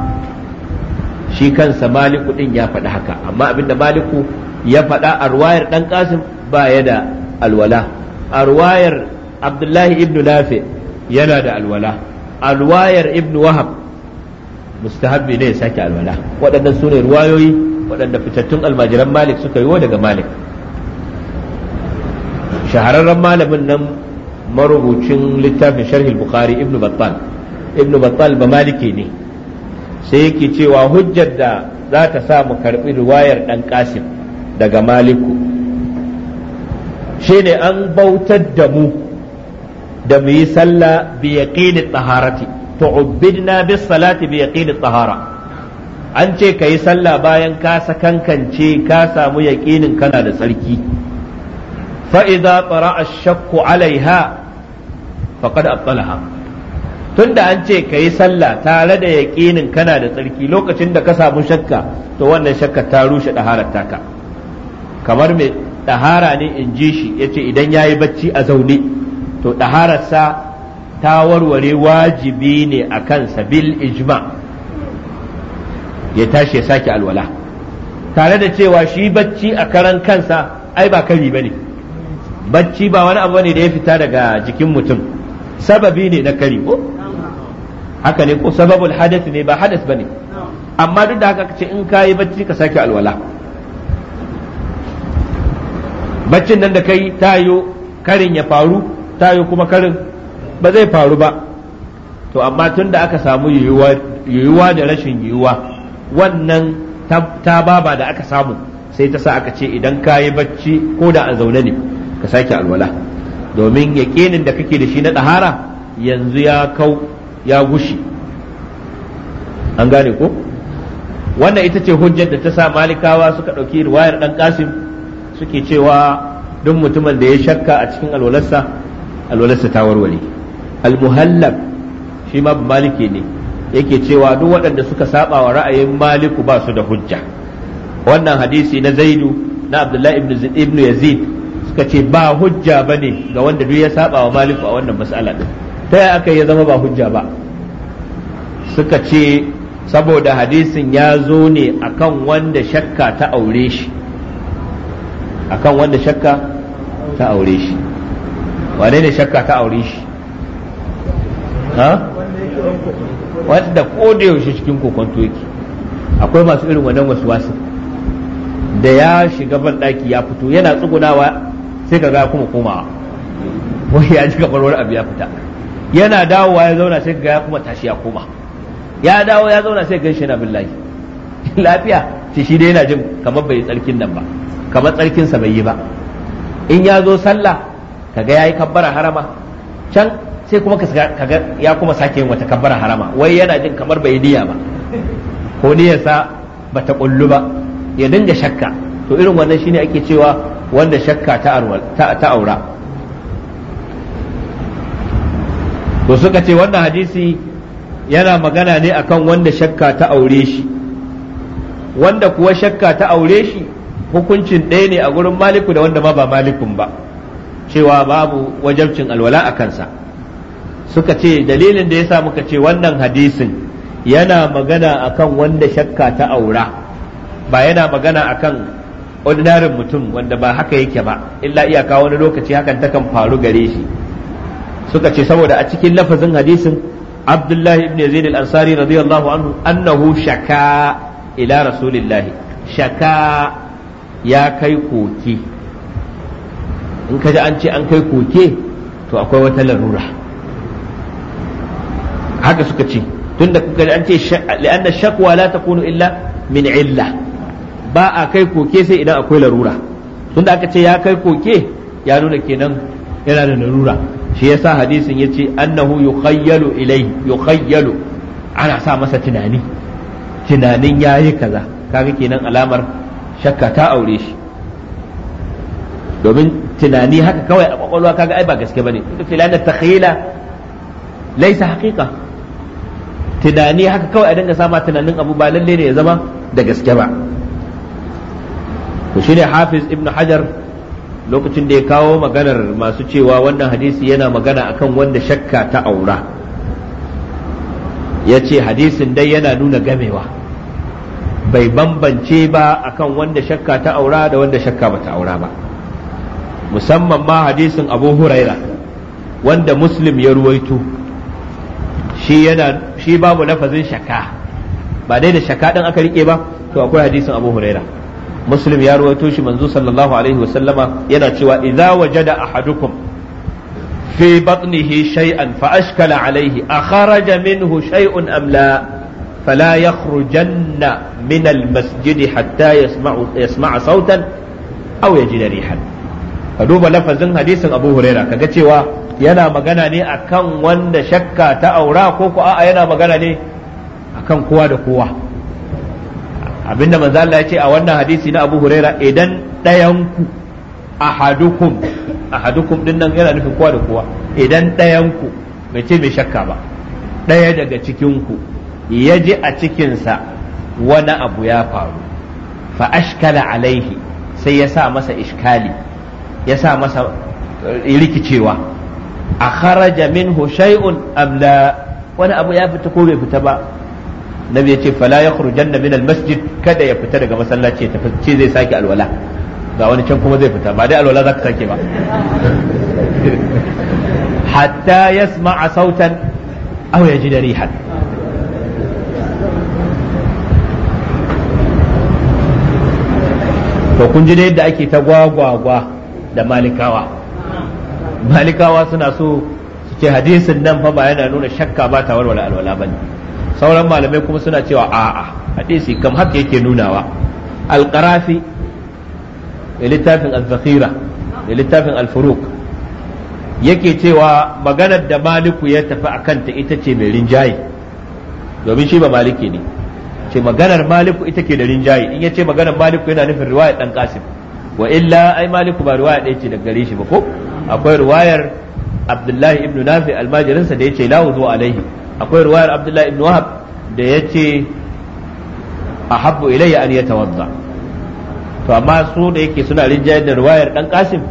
shi kansa maliku din ya faɗi haka amma abinda maliku ya faɗa a ruwayar ɗan kasim ba ya da alwala a ruwayar abdullahi Ibnu nafi yana da alwala a ruwayar wahab mustahabbi ne ya sake alwala waɗannan su ne ruwayoyi waɗanda fitattun almajiran malik suka yi daga malik shahararren malamin nan marubucin littafin sharhi bukhari Ibnu battal ibn battal ba maliki ne sai yake cewa hujjar da za ta sa mu karɓi riwayar ɗan ƙasim daga maliku shine an bautar da mu da mu yi sallah bi yaqini taharati tu'abbidna bis salati bi yaqini tahara an ce ka yi sallah bayan ka sakankance ka samu yaƙinin kana da tsarki fa'iza tsara a shakku alaiha faƙad abtalaha tun da an ce ka yi sallah tare da yaƙinin kana da tsarki lokacin da ka samu shakka to wannan shakka ta rushe ɗaharar taka kamar mai ɗahara ne in ji shi ya ce idan ya yi bacci a zaune to ɗahararsa ta warware wajibi ne a kansa bil ijma ya tashi ya sake alwala tare da cewa shi bacci a karan kansa ai ba kari ba ne bacci ba wani abu ne da ya fita daga jikin mutum sababi ne na kari ko haka ne ko sababul hadas ne ba hadas bane amma duk da haka ce in kayi bacci ka sake alwala baccin nan da kai tayo karin ya faru tayo kuma karin ba zai faru ba to amma tun da aka samu yiwuwa da rashin yiwuwa wannan ta baba da aka samu sai ta sa aka ce idan ka yi bacci ko da a zaune ne ka sake alwala domin yaƙinin da kake da shi na ɗahara yanzu ya kau ya gushi an gane ko wannan ita ce hujjar da ta sa malikawa suka ɗauki riwayar ɗan kasim suke cewa duk mutumin da ya shakka a cikin alwalarsa alwalarsa ta warware almuhallab shi ma maliki ne yake cewa duk waɗanda suka saba wa ra'ayin maliku ba su da hujja wannan hadisi na zaidu na abdullahi ibn yazid suka ce ba hujja bane ga wanda duk ya saba wa maliku a wannan mas'ala din ta yaya aka yi zama ba hujja ba suka ce saboda hadisin ya zo ne akan wanda shakka ta aure shi akan wanda shakka ta aure shi wane ne shakka ta aure shi ha wanda ko da yaushe cikin kokonto yake akwai masu irin wannan wasu da ya shiga ban daki ya fito yana tsugunawa sai ka ga kuma komawa wai ya ji kamar wani abu ya fita yana dawowa ya zauna sai ga ya kuma tashi ya koma ya dawo ya zauna sai ga shi na billahi lafiya shi shi dai yana jin kamar bai tsarkin nan ba kamar tsarkin sa bai yi ba in ya zo sallah kaga yayi kabbara harama can sai kuma kaga ya kuma sake yin wata kabbara harama wai yana jin kamar bai diya ba ko ba bata kullu ba ya dinga shakka to irin wannan shine ake cewa wanda shakka ta aura to suka ce wannan hadisi yana magana ne akan wanda shakka ta aure shi wanda kuwa shakka ta aure shi hukuncin ɗaya ne a gurin maliku da wanda ma ba malikun ba cewa babu wajabcin alwala a kansa suka ce dalilin da ya sa muka ce wannan hadisin yana magana akan wanda shakka ta aura ba yana magana akan ordinary mutum wanda ba haka yake ba illa iyaka wani lokaci hakan takan faru gare shi suka ce saboda a cikin lafazin hadisin abdullahi ibn yazid al-ansari radiyallahu anhu annahu shaka ila rasulillahi shaka ya kai koke in ka ji an ce an kai koke to akwai wata larura haka suka ce tunda kuka ji an ce li'anna shakwa la takunu illa min illa ba a kai koke sai idan akwai larura tunda aka ce ya kai koke ya nuna kenan yana da larura shi ya sa hadisin ya yace annahu yukhayyalu ilai yukhayyalu ana sa masa tunani tunanin ya yi kaza kaga kenan alamar shakka ta aure shi domin tunani haka kawai a kwakwalwa kaga ai ba gaske bane filanar takhila laisa haqiqa tunani haka kawai a dinga sama tunanin abu ba lalle ne ya zama da gaske ba shi ne hafiz ibnu hajar lokacin da ya kawo maganar masu cewa wannan hadisi yana magana akan wanda shakka ta aura ya ce hadisin dai yana nuna gamewa bai bambance ba akan wanda shakka ta aura da wanda shakka ba ta aura ba musamman ma hadisin abu huraira wanda muslim ya ruwaito shi babu lafazin shakka ba dai da shakka ɗin aka rike ba to akwai hadisin abu huraira مسلم يا رواتوش منزول صلى الله عليه وسلم يناتشوا إذا وجد أحدكم في بطنه شيئا فأشكل عليه أخرج منه شيء أم لا فلا يخرجن من المسجد حتى يسمع يسمع صوتا أو يجد ريحا فدوب لفظ حديث أبو هريرة كجتشوا yana magana ne a kan wanda shakka ta aura ko ku a'a yana magana ne a kan kowa da kowa abinda manzo Allah ya ce a wannan hadisi na Abu Huraira idan ɗayanku ahadukum ahadukum din nan yana nufin kowa da kowa idan ɗayanku bai ce mai shakka ba ɗaya daga cikinku ya ji a cikinsa wani abu ya faru fa ashkala alaihi sai ya sa masa ishkali ya sa masa eh, rikicewa a kharaja minhu shay'un am la wani abu ya fita ko bai fita ba nabi ya ce fala ya janna min masjid kada ya fita daga masallaci ya tafi ce zai sake alwala ga wani can kuma zai fita ba dai alwala za ka sake ba hatta a sautan aw yajida rihan to kun ji da yadda ake ta gwagwagwa da malikawa malikawa suna so su ce hadisin nan fa ba yana nuna shakka ba ta warware alwala ne sauran malamai kuma suna cewa a'a hadisi kam haka yake nunawa alqarafi da littafin al zakhira da littafin al-furuq yake cewa maganar da maliku ya tafi a kanta ita ce mai rinjaye domin shi ba maliki ne ce maganar maliku ita ke da rinjaye in ya ce maganar maliku yana nufin riwaya dan kasim wa illa ai maliku ba riwaya ɗaya ce da gare shi ba ko akwai riwayar abdullahi ibnu nafi almajirinsa da ya ce la alaihi akwai ruwayar abdullahi ibn wahab da ya ce ahabbu ilayya an yatawadda to amma su da yake suna rinjaye da ruwayar dan kasim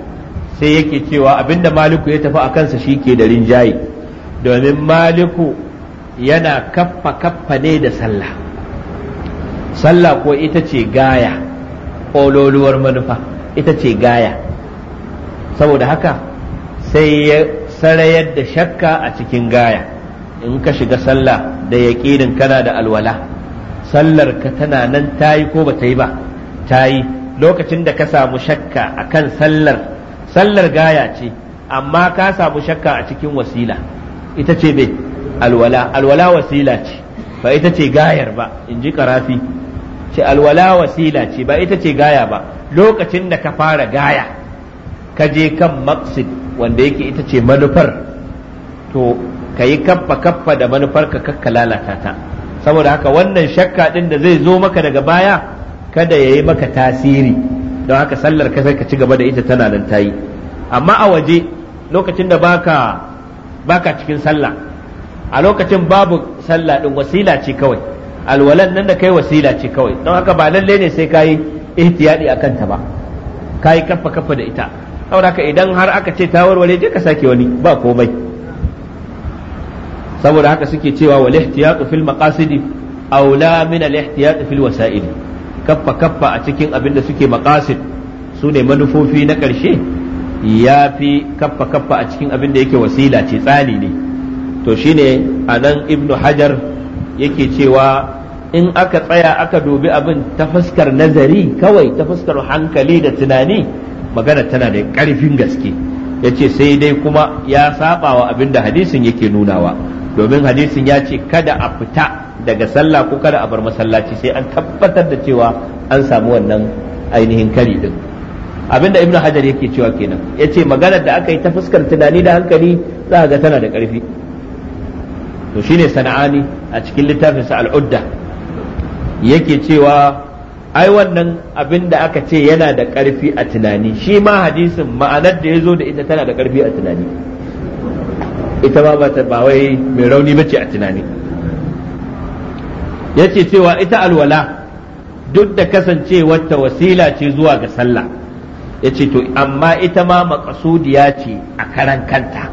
sai yake cewa abinda maliku ya tafi a kansa shike da rinjaye domin maliku yana kaffa kaffa ne da sallah sallah ko ita ce gaya ƙololuwar manufa ita ce gaya saboda haka sai ya sarayar da shakka a cikin gaya in ka shiga sallah da yaƙinin kana da alwala sallar ka tana nan ta yi ko ba ta yi ba ta yi lokacin da ka samu shakka akan sallar sallar gaya ce amma ka samu shakka a cikin wasila ita ce be alwala alwala wasila ce ba ita ce gayar ba in ji karafi ce alwala wasila ce ba ita ce gaya ba lokacin da ka fara gaya ka je kan maqsid wanda yake ita ce manufar to ka yi kaffa kaffa da manufarka kakka lalata ta saboda haka wannan shakka din da zai zo maka daga baya kada ya yi maka tasiri don haka sallar ka sai ka ci gaba da ita tana nan tayi amma a waje lokacin da baka baka cikin sallah a lokacin babu sallah din wasila ce kawai alwalan nan da kai wasila ce kawai don haka ba lalle ne sai kayi ihtiyadi akan ta ba yi kaffa kaffa da ita saboda haka idan har aka ce ta warware je ka sake wani ba komai saboda haka suke cewa wa ihtiyatu fil maqasidi aula min al ihtiyatu fil wasa'il kaffa kaffa a cikin abin da suke maqasid su ne manufofi na ƙarshe ya fi kaffa kaffa a cikin abin da yake wasila ce tsani ne to shine anan ibnu hajar yake cewa in aka tsaya aka dubi abin ta fuskar nazari kawai ta fuskar hankali da tunani magana tana da ƙarfin gaske ya ce sai dai kuma ya saba wa abin da hadisin yake nunawa domin hadisin ya ce kada a fita daga sallah ko kada a bar masallaci sai an tabbatar da cewa an samu wannan ainihin kari din abinda ibnu hajar yake cewa kenan yace maganar da aka yi ta fuskar tunani da hankali za ga tana da ƙarfi to shine sana'ani a cikin littafin littafinsa al'udda yake cewa ai wannan abin da aka ce yana da ƙarfi a tunani shi ma hadisin ma'anar da ya zo da ita tana da ƙarfi a tunani ita ma ba ta ba wai mai rauni ce a tunani Ya ce cewa ita alwala duk da kasancewar wasila ce zuwa ga sallah ya ce to amma ita ma makasudiya ce a karan kanta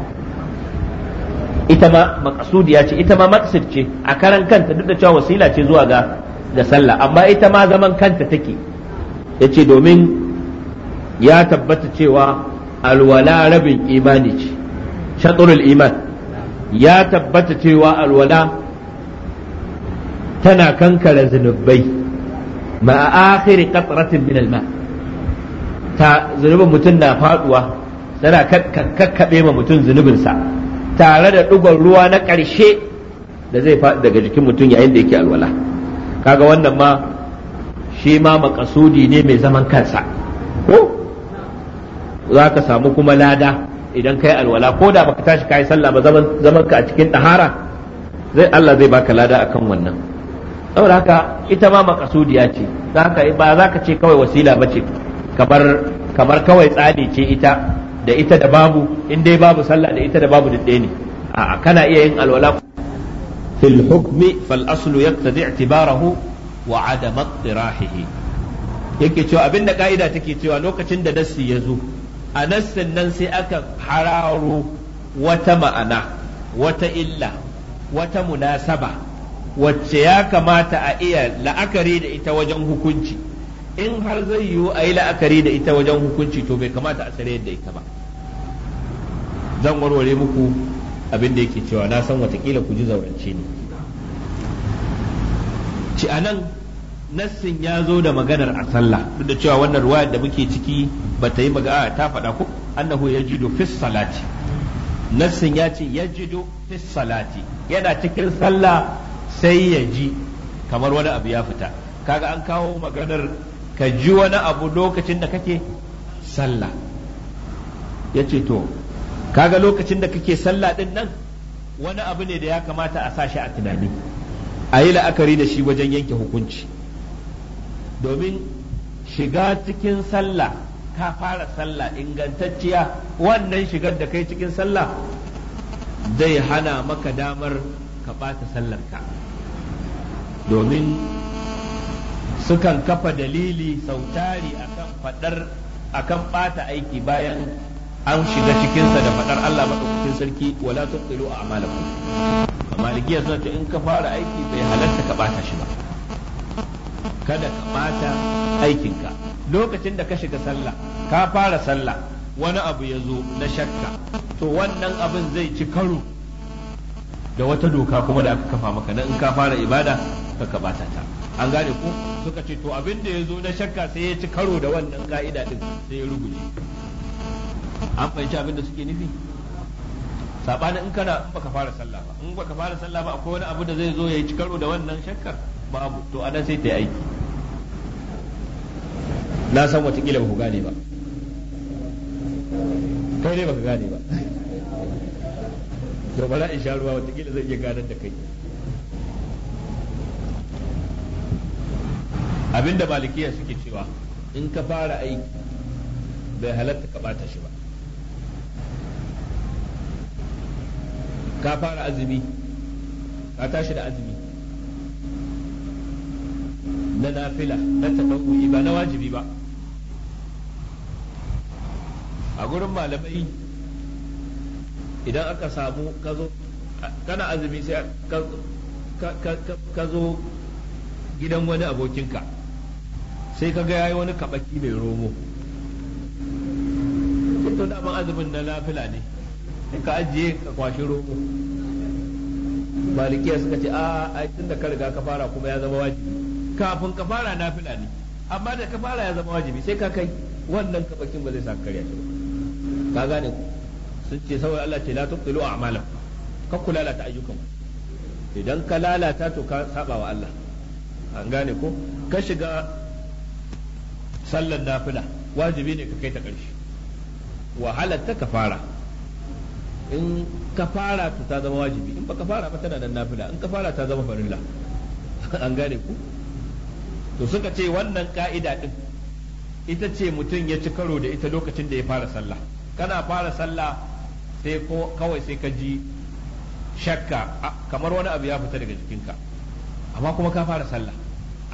ita ma makasudiya ce ita ma maqsid ce a karan kanta duk da cewa wasila ce zuwa ga ga sallah amma ita ma zaman kanta take yace domin ya tabbata cewa alwala rabin imani ce shatrul iman ya tabbata cewa alwala tana kankare zunubai a akhiri qatratin min alma ta zunubin mutum na faduwa tana kakkabe ma mutum zunubinsa tare da dugon ruwa na ƙarshe da zai faɗi daga jikin mutum yayin da yake alwala kaga wannan ma shi ma makasudi ne mai zaman kansa ko za ka samu kuma lada idan kai alwala ko da baka tashi kai sallah ba zaman zaman ka a cikin tahara zai Allah zai baka lada akan wannan saboda haka ita ma makasudiya ce haka ba za ka ce kawai wasila ba ce kamar kamar kawai tsani ce ita da ita da babu in dai babu sallah da ita da babu duk ne kana iya yin alwala fil hukmi fal aslu yaqtadi i'tibarahu wa adam ittirahihi yake cewa abinda ka'ida take cewa lokacin da dassi ya zo a nassin nan sai aka hararo wata ma'ana wata illa wata munasaba wacce ya kamata a iya la'akari da ita wajen hukunci in har zai yiwu a yi la'akari da ita wajen hukunci to bai kamata a tsare da ita ba zan warware muku abin da yake cewa na san watakila ku ji zaurance ne ci anan nassin ya zo da maganar a sallah duk da cewa wannan ruwa da muke ciki ba ta yi magana ta faɗa ko annahu yajidu fi salati nassin ya ce yajidu fi salati yana cikin sallah sai ya ji kamar wani abu ya fita kaga an kawo maganar ka ji wani abu lokacin da kake sallah ya ce to kaga lokacin da kake sallah din nan wani abu ne da ya kamata a sa shi a tunani a yi la'akari da shi wajen yanke hukunci domin shiga cikin sallah ka fara sallah ingantacciya wannan shigar da kai cikin sallah zai hana maka damar ka ɓata sallarka domin sukan kafa dalili sautari akan fadar akan ɓata aiki bayan an shiga cikinsa da fadar Allah maɗaukakin sarki wala A a'malakum malikiya suna ta in ka fara aiki bai halarta ka bata shi ba kada ka bata aikinka lokacin da ka shiga sallah ka fara sallah wani abu ya zo na shakka to wannan abin zai ci karo da wata doka kuma da aka kafa maka na in ka fara ibada ka ka bata ta an gane ko suka ce to abin da ya zo na shakka sai ya ci karo da wannan ka'ida din sai ya rubuce an fahimci abin da suke nufi saɓanin in kana baka fara sallah ba in baka fara sallah ba akwai wani abu da zai zo ya ci karo da wannan shakkar babu to nan sai ta yi aiki na san watakila ba ku gane ba kai ne ba ka gane ba to za in sha ruwa watakila zai iya ganar da kai abinda malikiya suke cewa in ka fara aiki bai halatta ka bata shi ba ka fara azumi ka tashi da azumi na nafila na taɗau'i ba na wajibi ba a gurin malamai idan aka samu ka zo kana azumi sai ka zo gidan wani abokinka sai ka ga yayi wani kabaki mai romo to da azumin na lafila ne ka ajiye ka kwashi romo malikiya suka ce a tun da ka riga ka fara kuma ya zama wajibi kafin ka fara nafila ne amma da ka fara ya zama wajibi sai ka kai wannan kafakin ba zai sa karya shi ka gane sun ce saboda Allah ce la a a'mala ka ku lalata ayyukan idan ka lalata to ka saba wa Allah an gane ko ka shiga sallar nafila wajibi ne ka kai ta ƙarshe wahalar ta ka fara in ka fara ta zama wajibi in ba ka fara ba tana nan nafila in ka fara ta zama farilla an gane ku to suka ce wannan ka'ida din ita ce mutum ya ci karo da ita lokacin da ya fara sallah kana fara sallah sai kawai sai ka ji shakka kamar wani abu ya fita daga jikinka amma kuma ka fara sallah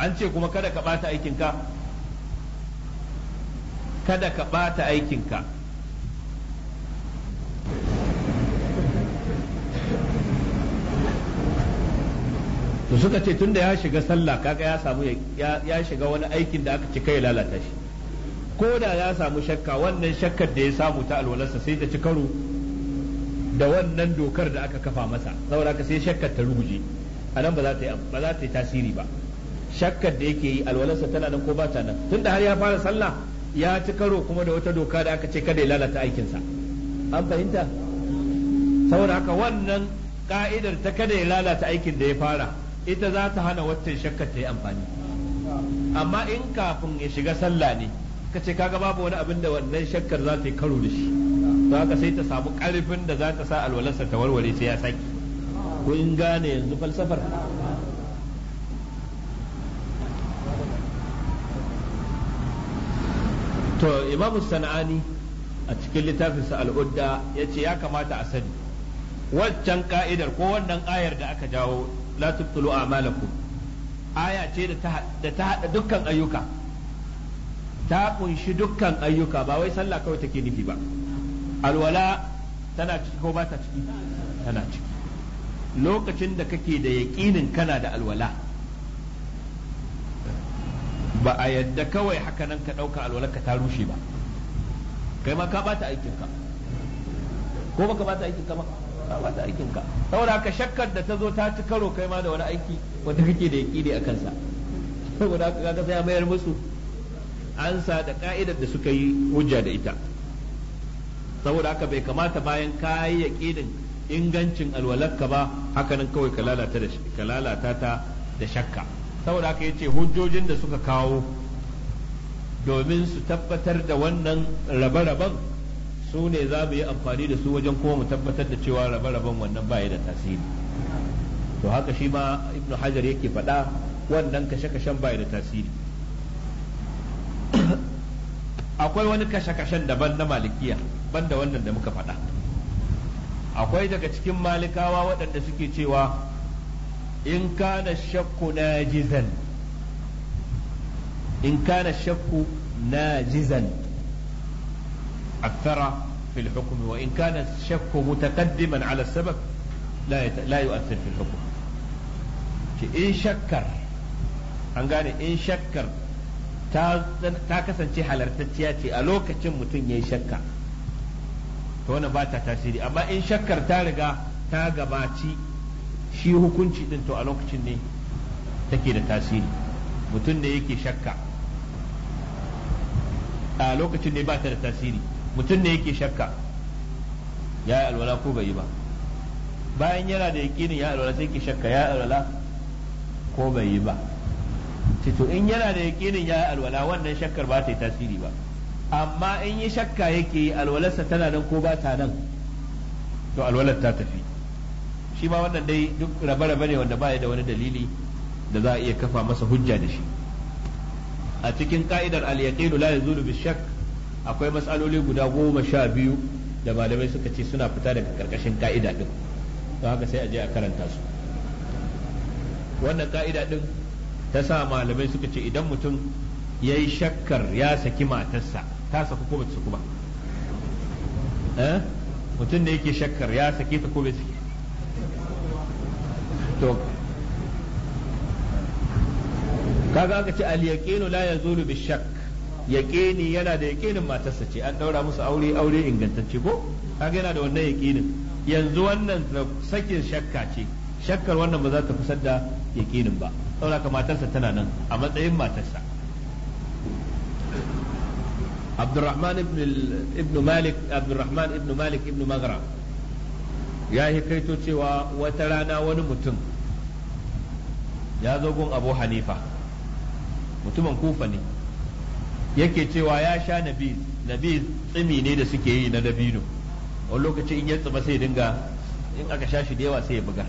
an ce kuma kada ka bata aikinka kada ka bata aikinka to suka ce tunda ya shiga sallah kaga ya samu ya shiga wani aikin da aka ci kai lalata shi ko da ya samu shakka wannan shakkar da ya samu ta alwalarsa sai ta ci karo da wannan dokar da aka kafa masa saboda ka sai shakkar ta ruguje a nan ba za ta yi ba za ta yi tasiri ba shakkar da yake yi alwalarsa tana nan ko ba ta nan tunda har ya fara sallah ya ci karo kuma da wata doka da aka ce kada ya lalata aikinsa an fahimta saboda haka wannan ka'idar ta kada ya lalata aikin da ya fara ita za ta hana waccan shakka ta yi amfani amma in kafin ya shiga sallah ne ka ce kaga babu wani abin da wannan shakkar za ta yi karo da shi to haka sai ta samu karfin da za ta sa alwalarsa ta warware sai ya saki ko in gane yanzu falsafar to imamu sana'ani a cikin littafinsa al'udda ya ce ya kamata a sani waccan ka'idar ko wannan ayar da aka jawo la tubtilu a'malakum aya ce da ta hada dukkan ayyuka ta kunshi dukkan ayyuka ba wai sallah kawai take nufi ba alwala tana ciki ko ba ta ciki tana ciki lokacin da kake da yaƙinin kana da alwala ba a yadda kawai haka nan ka ɗauka alwalarka ta rushe ba kai ma ka bata aikinka ko ba baka bata aikinka ba saba aikin saboda haka shakkar da ta zo ta ci karo kai ma da wani aiki wanda kake da yaqini akan sa saboda haka kaga sai mayar musu ansa da ka'idar da suka yi hujja da ita saboda haka bai kamata bayan ka yi ingancin alwalakka ba hakanan kawai ka lalata da ka lalata ta da shakka saboda haka yace hujjojin da suka kawo domin su tabbatar da wannan rabe-raben su ne za mu yi amfani da su wajen kuma mu tabbatar da cewa rabe-raben wannan baya da tasiri to haka shi ma ibnu hajar yake faɗa wannan kashe-kashen baya da tasiri akwai wani kashe-kashen daban na malikiya banda wannan da muka faɗa akwai daga cikin malikawa waɗanda suke cewa in kana shakku na jizan. in kana shakku na jizan. أكثر في الحكم وإن كان الشك متقدما على السبب لا يت... لا يؤثر في الحكم إن شكر أن قال إن شكر ta kasance halartacciya ce a lokacin mutum ya shakka to ba ta tasiri amma in shakkar ta riga ta gabaci shi hukunci din to a lokacin ne take da tasiri mutum shakka a lokacin ne da tasiri mutum ne yake shakka ya yi alwala ko bai yi ba bayan yana da yaƙinin ya alwala sai ke shakka ya alwala ko bai yi ba to in yana da yaƙinin ya alwala wannan shakkar ba ta yi tasiri ba amma in yi shakka yake yi alwalarsa tana nan ko ba ta nan to alwalar ta tafi shi ma wannan dai duk rabe-rabe ne wanda ba ya da wani dalili da za a iya kafa masa hujja da shi a cikin ka'idar al yaqin la yazulu bi shakk akwai matsaloli guda goma sha biyu da malamai suka ce suna fita daga karkashin ka'ida din don haka sai a je a karanta su wannan ka'ida din ta sa malamai suka ce idan mutum ya yi shakkar ya saki matarsa ta saku ko bata saku ba eh? mutum da yake shakkar ya saki ta ko bai saki to kaga aka ce al yaqinu la yazulu bi shakk yaqini yana da yaqinin matarsa ce an daura musu aure aure ingantacce ko kaga yana da wannan yaqinin yanzu wannan sakin shakka ce shakkar wannan ba za ta kusar da yaqinin ba saboda matarsa tana nan a matsayin matarsa عبد الرحمن ابن ابن مالك عبد الرحمن ابن مالك ابن مغرب يا cewa wata rana wani mutum ya zo gun Abu Hanifa mutumin kufa ne yake cewa ya sha nabi nabi tsimi ne da suke yi na dabino wani lokaci in ya tsima sai dinga in aka sha shi da yawa sai ya buga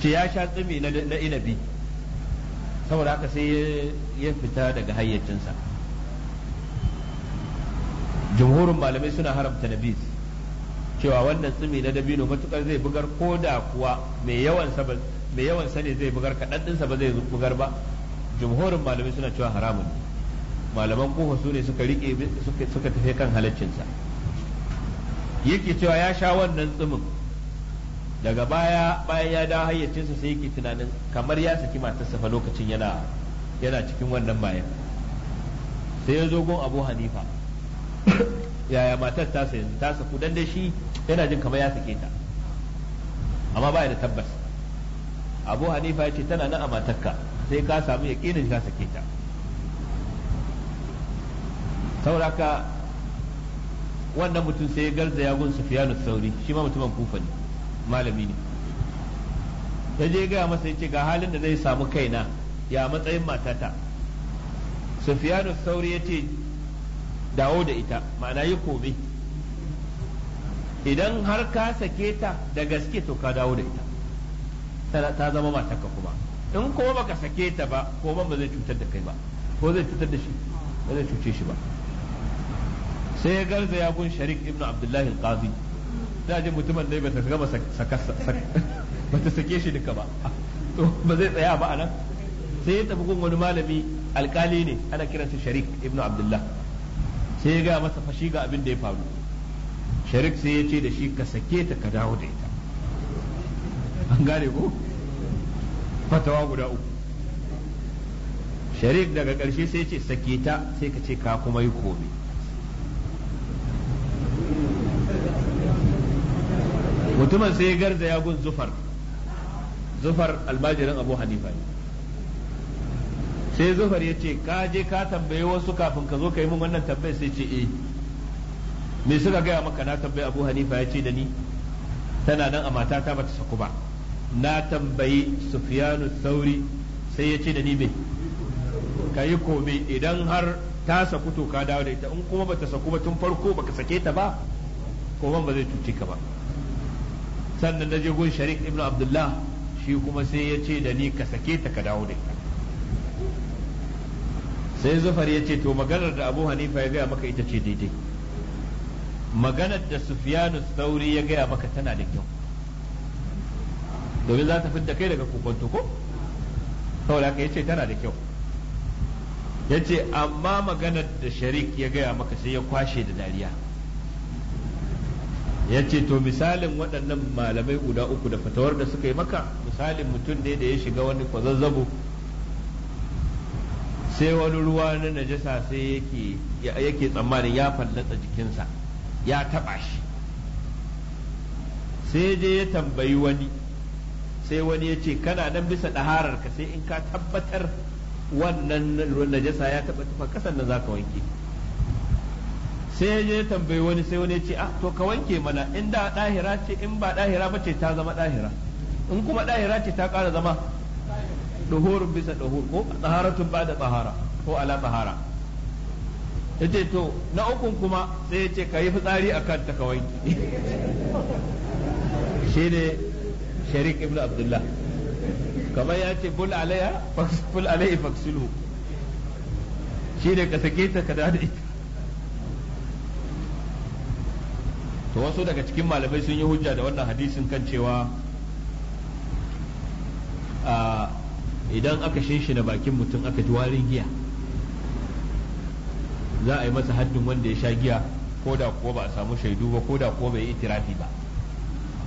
ce ya sha tsimi na inabi saboda haka sai ya fita daga hayyacinsa jumhurin malamai suna haramta nabi cewa wannan tsimi na dabino matukar zai bugar ko da kuwa mai yawan mai yawan sa ne zai bugar kaɗan ɗinsa ba zai bugar ba jumhurin malamai suna cewa haramun ne malaman kofa su ne suka rike suka tafi kan halaccinsa yake cewa ya sha wannan tsumin daga baya bayan ya dawo hayyacinsa sai yake tunanin kamar ya saki matarsa fa lokacin yana yana cikin wannan bayan sai ya zo gon abu hanifa yaya matar ta yanzu ta saku dan da shi yana jin kamar ya sake ta amma baya da tabbas abu hanifa ya ce tana nan a matarka sai ka samu yaƙinin ka sake ta sauraka wannan mutum sai ya garza ya gun sufiyanu sauri shi ma mutumin kufa ne malami ne ya je gaya masa ya ce ga halin da zai samu kaina ya matsayin matata sufiyanu sauri ya ce dawo da ita ma'ana yi kome idan har ka sake ta da gaske to ka dawo da ita ta zama mataka kuma in kuma baka sake ta ba ko ba zai cutar da kai ba ko zai cutar da shi ba zai cuce shi ba sai ya garza ya gun sharik ibnu abdullahi al-qazi da ji mutumin ne bata gama bata sake shi duka ba to ba zai tsaya ba anan sai ya tafi gun wani malami alkali ne ana kiransa sharik ibnu abdullah sai ya ga masa fashi ga abin da ya faru sharik sai ya ce da shi ka sake ta ka dawo da ita an gane ko fatawa guda uku sharik daga ƙarshe sai ce sake ta sai ka ce ka kuma yi komai mutumin sai ya garza ya gun zufar zufar almajirin abu hanifa ne sai zufar ya ce ka je ka tambaye wasu kafin ka zo ka yi min wannan tambayar sai ce eh me suka gaya maka na tambayi abu hanifa ya ce da ni tana nan a matata bata saku ba na tambayi sufiyanu sauri sai ya ce da ni me ka yi kome idan har ta saku to ka dawo da ita in kuma bata saku ba tun farko baka sake ta ba ko ban ba zai cuce ka ba sannan na je gun sharik ibn abdullah shi kuma sai ya ce da ni ka sake ta ka dawo da ita sai zufar ya ce to maganar da abu hanifa ya gaya maka ita ce daidai maganar da sufiyanu sauri ya gaya maka tana da kyau domin za ta fidda kai daga kokonto ko saboda haka ya ce tana da kyau ya ce amma maganar da sharik ya gaya maka sai ya kwashe da dariya ya ce to misalin waɗannan malamai guda uku da fatawar da suka yi maka misalin mutum ne da ya shiga wani kwazazzabo sai wani ruwa na najasa sai yake tsammanin ya fallatsa jikinsa ya taɓa shi sai je ya tambayi wani sai wani ya ce kana nan bisa ɗaharar ka sai in ka tabbatar wannan najasa ya taɓa tufa kasan nan za ka wanke sai ya je tambayi wani sai wani ya ce ah, to ka wanke mana in da ɗahira ce in ba ɗahira ba ce ta zama ɗahira in kuma ɗahira ce ta ƙara zama duhurun bisa duhur ko tsaharatun ba da tsahara ko ala tsahara ce to na ukun kuma sai yace ka yi fitsari a kan ta ka wanke ne sharik ibn abdullah kamar ya ce bul alaya bul alayhi faksilu shine ka sake ta ka da ita to wasu daga cikin malamai sun yi hujja da wannan hadisin kan cewa idan aka na bakin mutum aka ji warin giya za a yi masa haddin wanda ya sha giya ko da kuwa ba a samu shaidu ba ko da kuwa bai yi itirafi ba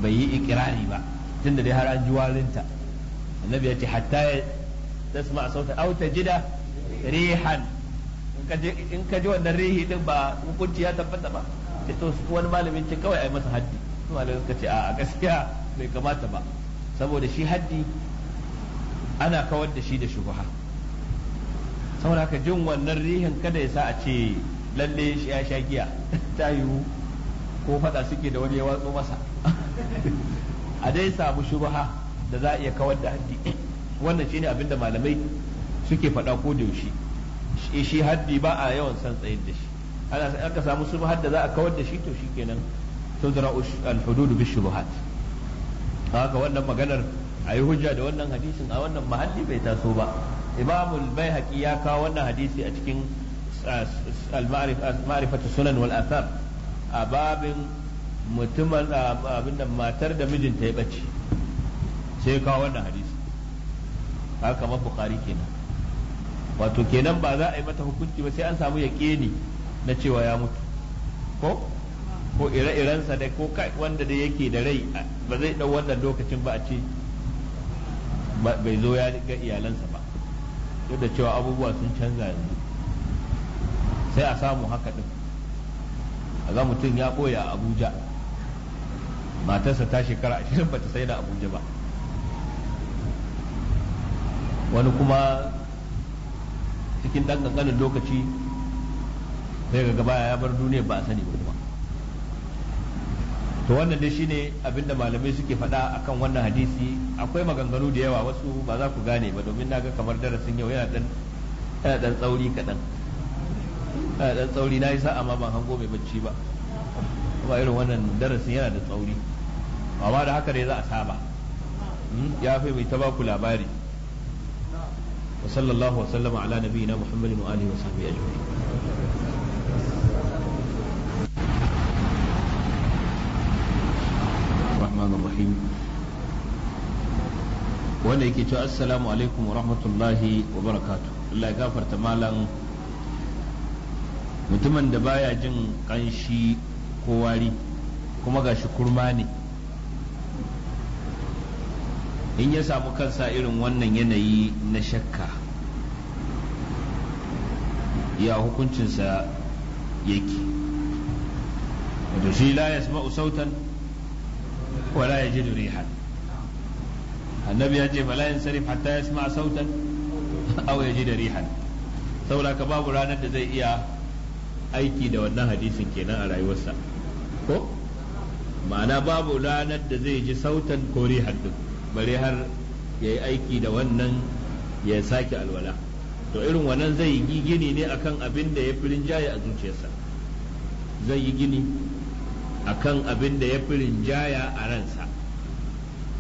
bai yi ikirari ba tunda dai har an ji warinta annabi ya ce hatta ya tasma sautar auta jida rihan in ka ji wannan rihi din ba hukunci ya tabbata ba ce to wani malami ce kawai ai masa haddi su malami suka ce a gaskiya bai kamata ba saboda shi haddi ana kawar da shi da shubha saboda haka jin wannan rihin kada ya sa a ce lalle shi ya sha giya ta yiwu ko fada suke da wani ya watso masa a dai samu shubha da za a iya kawar da haddi wannan shine ne abinda malamai suke faɗa ko da yaushe shi haddi ba a yawan san tsayin da shi Ana aka samu subhat da za a kawar da shi to shikenan tudra al-hudud bi shubuhat haka wannan maganar a yi hujja da wannan hadisin a wannan mahalli bai taso ba imamul baihaqi ya kawo wannan hadisi a cikin al-ma'rifatu sunan wal athar a babin mutumin abinda matar da mijinta ya bace sai kawo wannan hadisi haka ma bukhari kenan wato kenan ba za a yi mata hukunci ba sai an samu yaqini na cewa ya mutu ko ko ire-irensa dai ko kai wanda da yake da rai ba zai dau wannan lokacin ba a ce bai zo ya ga iyalansa ba duk da cewa abubuwa sun canza yanzu sai a samu haka ɗin a ga mutum ya koya a abuja matarsa ta shekara ashirin ta sai da abuja ba wani kuma cikin ɗan lokaci sai ga gaba ya bar duniya ba a sani ba kuma to wannan dai shine abinda malamai suke faɗa akan wannan hadisi akwai maganganu da yawa wasu ba za ku gane ba domin naga kamar darasin yau yana dan yana dan tsauri kaɗan yana dan tsauri na yi sa'a amma ban hango mai bacci ba kuma irin wannan darasin yana da tsauri amma da haka dai za a saba hmm? ya fi mai ta baku labari wa sallallahu wa sallama ala nabiyina muhammadin wa alihi wa sahbihi ajma'in wanda yake cewa assalamu alaikum wa rahmatullahi wa barakatu Allah ya gafarta malam mutumin da baya jin kanshi ko wari kuma gashi kurma ne in ya samu kansa irin wannan yanayi na shakka ya hukuncinsa yake wato shi la yasma'u sautan wala yajidu rihan annabi ya ce fala sarif hatta sima sautan aw da rihan saboda ka babu ranar da zai iya aiki da wannan hadisin kenan a rayuwarsa ko ma'ana babu ranar da zai ji sautan ko rihan din bare har ya yi aiki da wannan ya sake alwala to irin wannan zai yi gini ne akan abin da ya fi rinjaye a zuciyarsa zai yi gini akan abin da ya fi rinjaya a ransa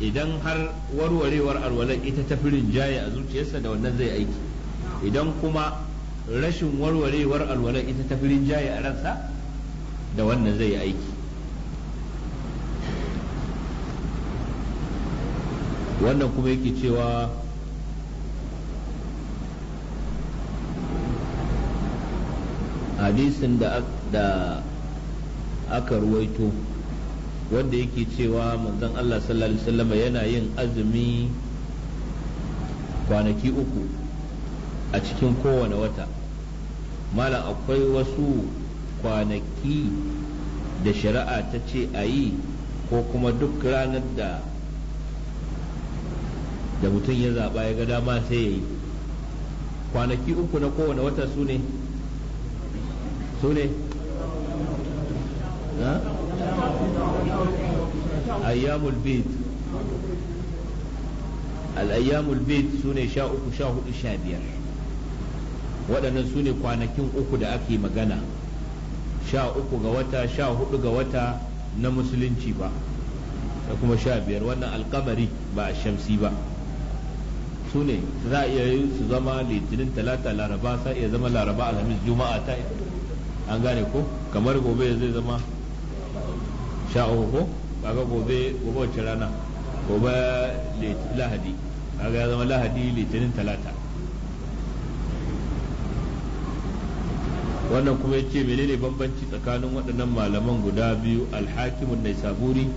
idan har warwarewar alwalar ita ta fi rinjaye a zuciyarsa da wannan zai aiki idan kuma rashin warwarewar alwalar ita ta fi rinjaye a ransa da wannan zai aiki wannan kuma yake cewa hadisin da aka ruwaito wanda yake cewa manzon Allah sallallahu alaihi wasallam yana yin azumi kwanaki uku a cikin kowane wata malam akwai wasu kwanaki da shari'a ta ce a yi ko kuma duk ranar da da mutum ya zaɓa ya ga dama sai ya yi kwanaki uku na kowane wata su ne su ne ayyamul bid al'ayyamul bid su sha uku sha hudu sha biyar waɗannan su kwanakin uku da ake magana sha uku ga wata sha hudu ga wata na musulunci ba da kuma sha biyar wannan alkamari ba a shamsi ba su za a iya yi su zama litinin talata laraba sa iya zama laraba alhamis juma'a ta an gane ko kamar gobe zai zama sha uku ko kaga gobe gobe wace rana gobe lahadi kaga ya zama lahadi litinin talata wannan kuma ya ce menene bambanci tsakanin waɗannan malaman guda biyu alhakimun nai saburi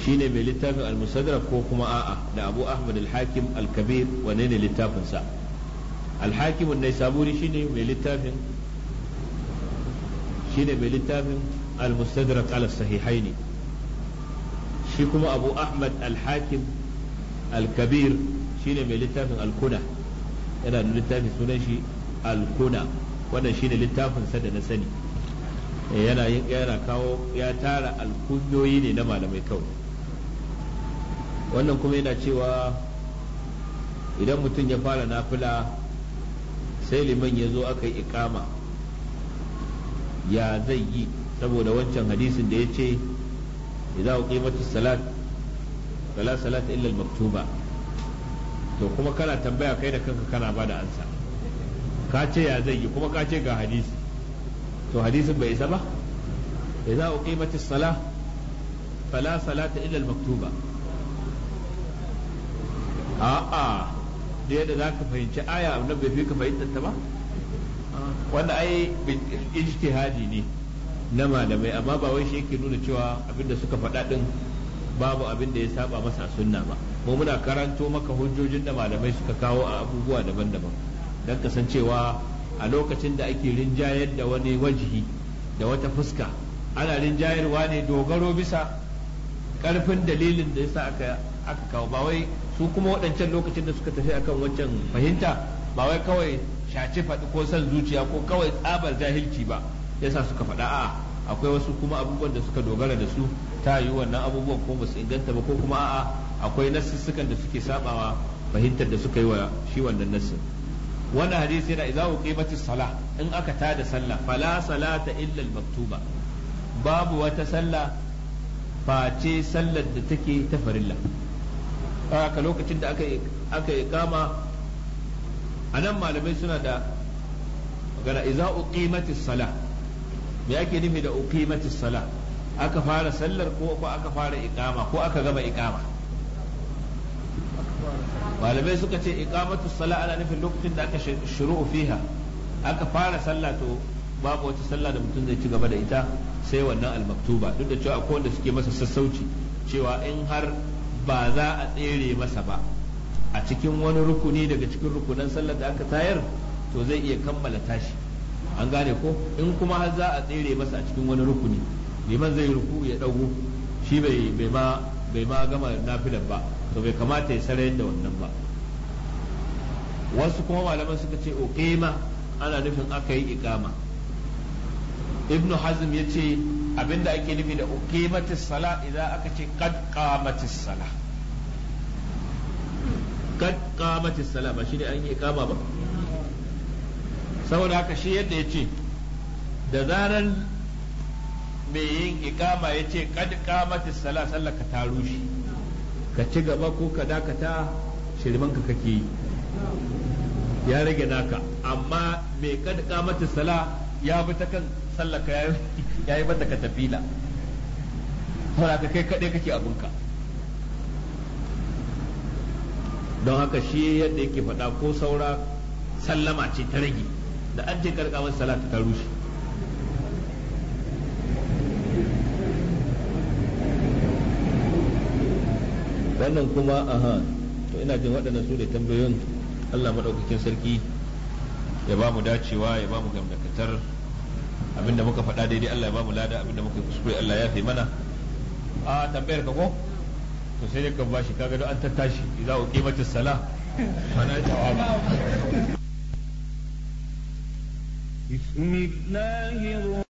shine mai littafin almusadrak ko kuma a'a da abu ahmad alhakim alkabir wane ne littafinsa alhakimun nai saburi shine mai littafin shine mai littafin al-mustadrak ala sahihaini shi kuma abu ahmad alhakim hakim al-kabir shine mai littafin al yana da littafin sunan shi al-kuna shine littafin sa da na sani yana yana ya tara al ne na malamai kawai wannan kuma yana cewa idan mutum ya fara nafila sai liman ya zo aka yi ikama ya zai yi saboda wancan hadisin da ya ce idza uqimatu salat fala salata illa al-maktuba to kuma kana tambaya kai da kanka kana bada ansa ka ce ya zai yi kuma ka ce ga hadisi to hadisin bai isa ba idza uqimatu salat fala salata illa al-maktuba a'a da yadda za ka fahimci aya annabi bai fi ka fahimtar ta ba wanda ai ijtihadi ne na malamai amma ba wai shi yake nuna cewa abinda suka faɗa din babu abin da ya saba masa sunna ba mu muna karanto maka hujjojin da malamai suka kawo a abubuwa daban-daban don kasancewa a lokacin da ake rinjayar da wani wajihi da wata fuska ana rinjayarwa ne dogaro bisa karfin dalilin da yasa aka aka kawo ba wai su kuma waɗancan lokacin da suka tafi akan wancan fahimta ba wai kawai shace faɗi ko son zuciya ko kawai tsabar jahilci ba yasa suka faɗa a akwai wasu kuma abubuwan da suka dogara da su ta yi wannan abubuwan ko ba su inganta ba ko kuma a'a akwai nassukan da suke sabawa fahimtar da suka yi wa shi wannan nassin wannan hadisi yana idza uqimatis salah in aka tada sallah fala salata illa al maktuba babu wata sallah face sallar da take ta farilla haka lokacin da aka aka iqama anan malamai suna da magana idza uqimatis salah me ake nufi da uqimati sala aka fara sallar ko ko aka fara iqama ko aka gama iqama malamai suka ce iqamatu sala ana nufin lokacin da aka shuru'u fiha aka fara sallah to babu wata sallah da mutum zai ci gaba da ita sai wannan almaktuba duk da cewa akwai wanda suke masa sassauci cewa in har ba za a tsere masa ba a cikin wani rukuni daga cikin rukunan sallar da aka tayar to zai iya kammala tashi an gane ko in kuma har za a tsere masa a cikin wani rukuni liman zai ruku ya dago shi bai bai ma bai ma gama nafilan ba to bai kamata ya sarayar da wannan ba wasu kuma malaman suka ce ma ana nufin aka yi iqama ibn hazm ya ce abinda ake nufi da uqimatis sala idan aka ce qad qamatis sala qad qamatis sala ba shi ne an yi iqama ba saboda haka shi yadda ya ce da zaran mai yin ikama ya ce kad kamata sala sallah ka taru shi ka ci gaba ko ka dakata shirman ka kake yi ya rage naka amma mai kad kamata sala ya bi ta kan sallah ka yi mata ka tafila saboda ka kai kaɗai kake abinka don haka shi yadda yake faɗa ko saura sallama ce ta rage da an ce karkamar salat ta rushe wannan kuma aha to ina jin waɗannan su da tambayoyin Allah maɗaukakin sarki ya ba mu dacewa ya ba mu gamdakatar abinda muka faɗa daidai Allah ya ba mu lada abinda muka kuskure Allah ya fi mana a tambayar ka ko to sai dai ka shi kaga don an tattashi idza uqimatis sala mana jawaba بسم الله الرحمن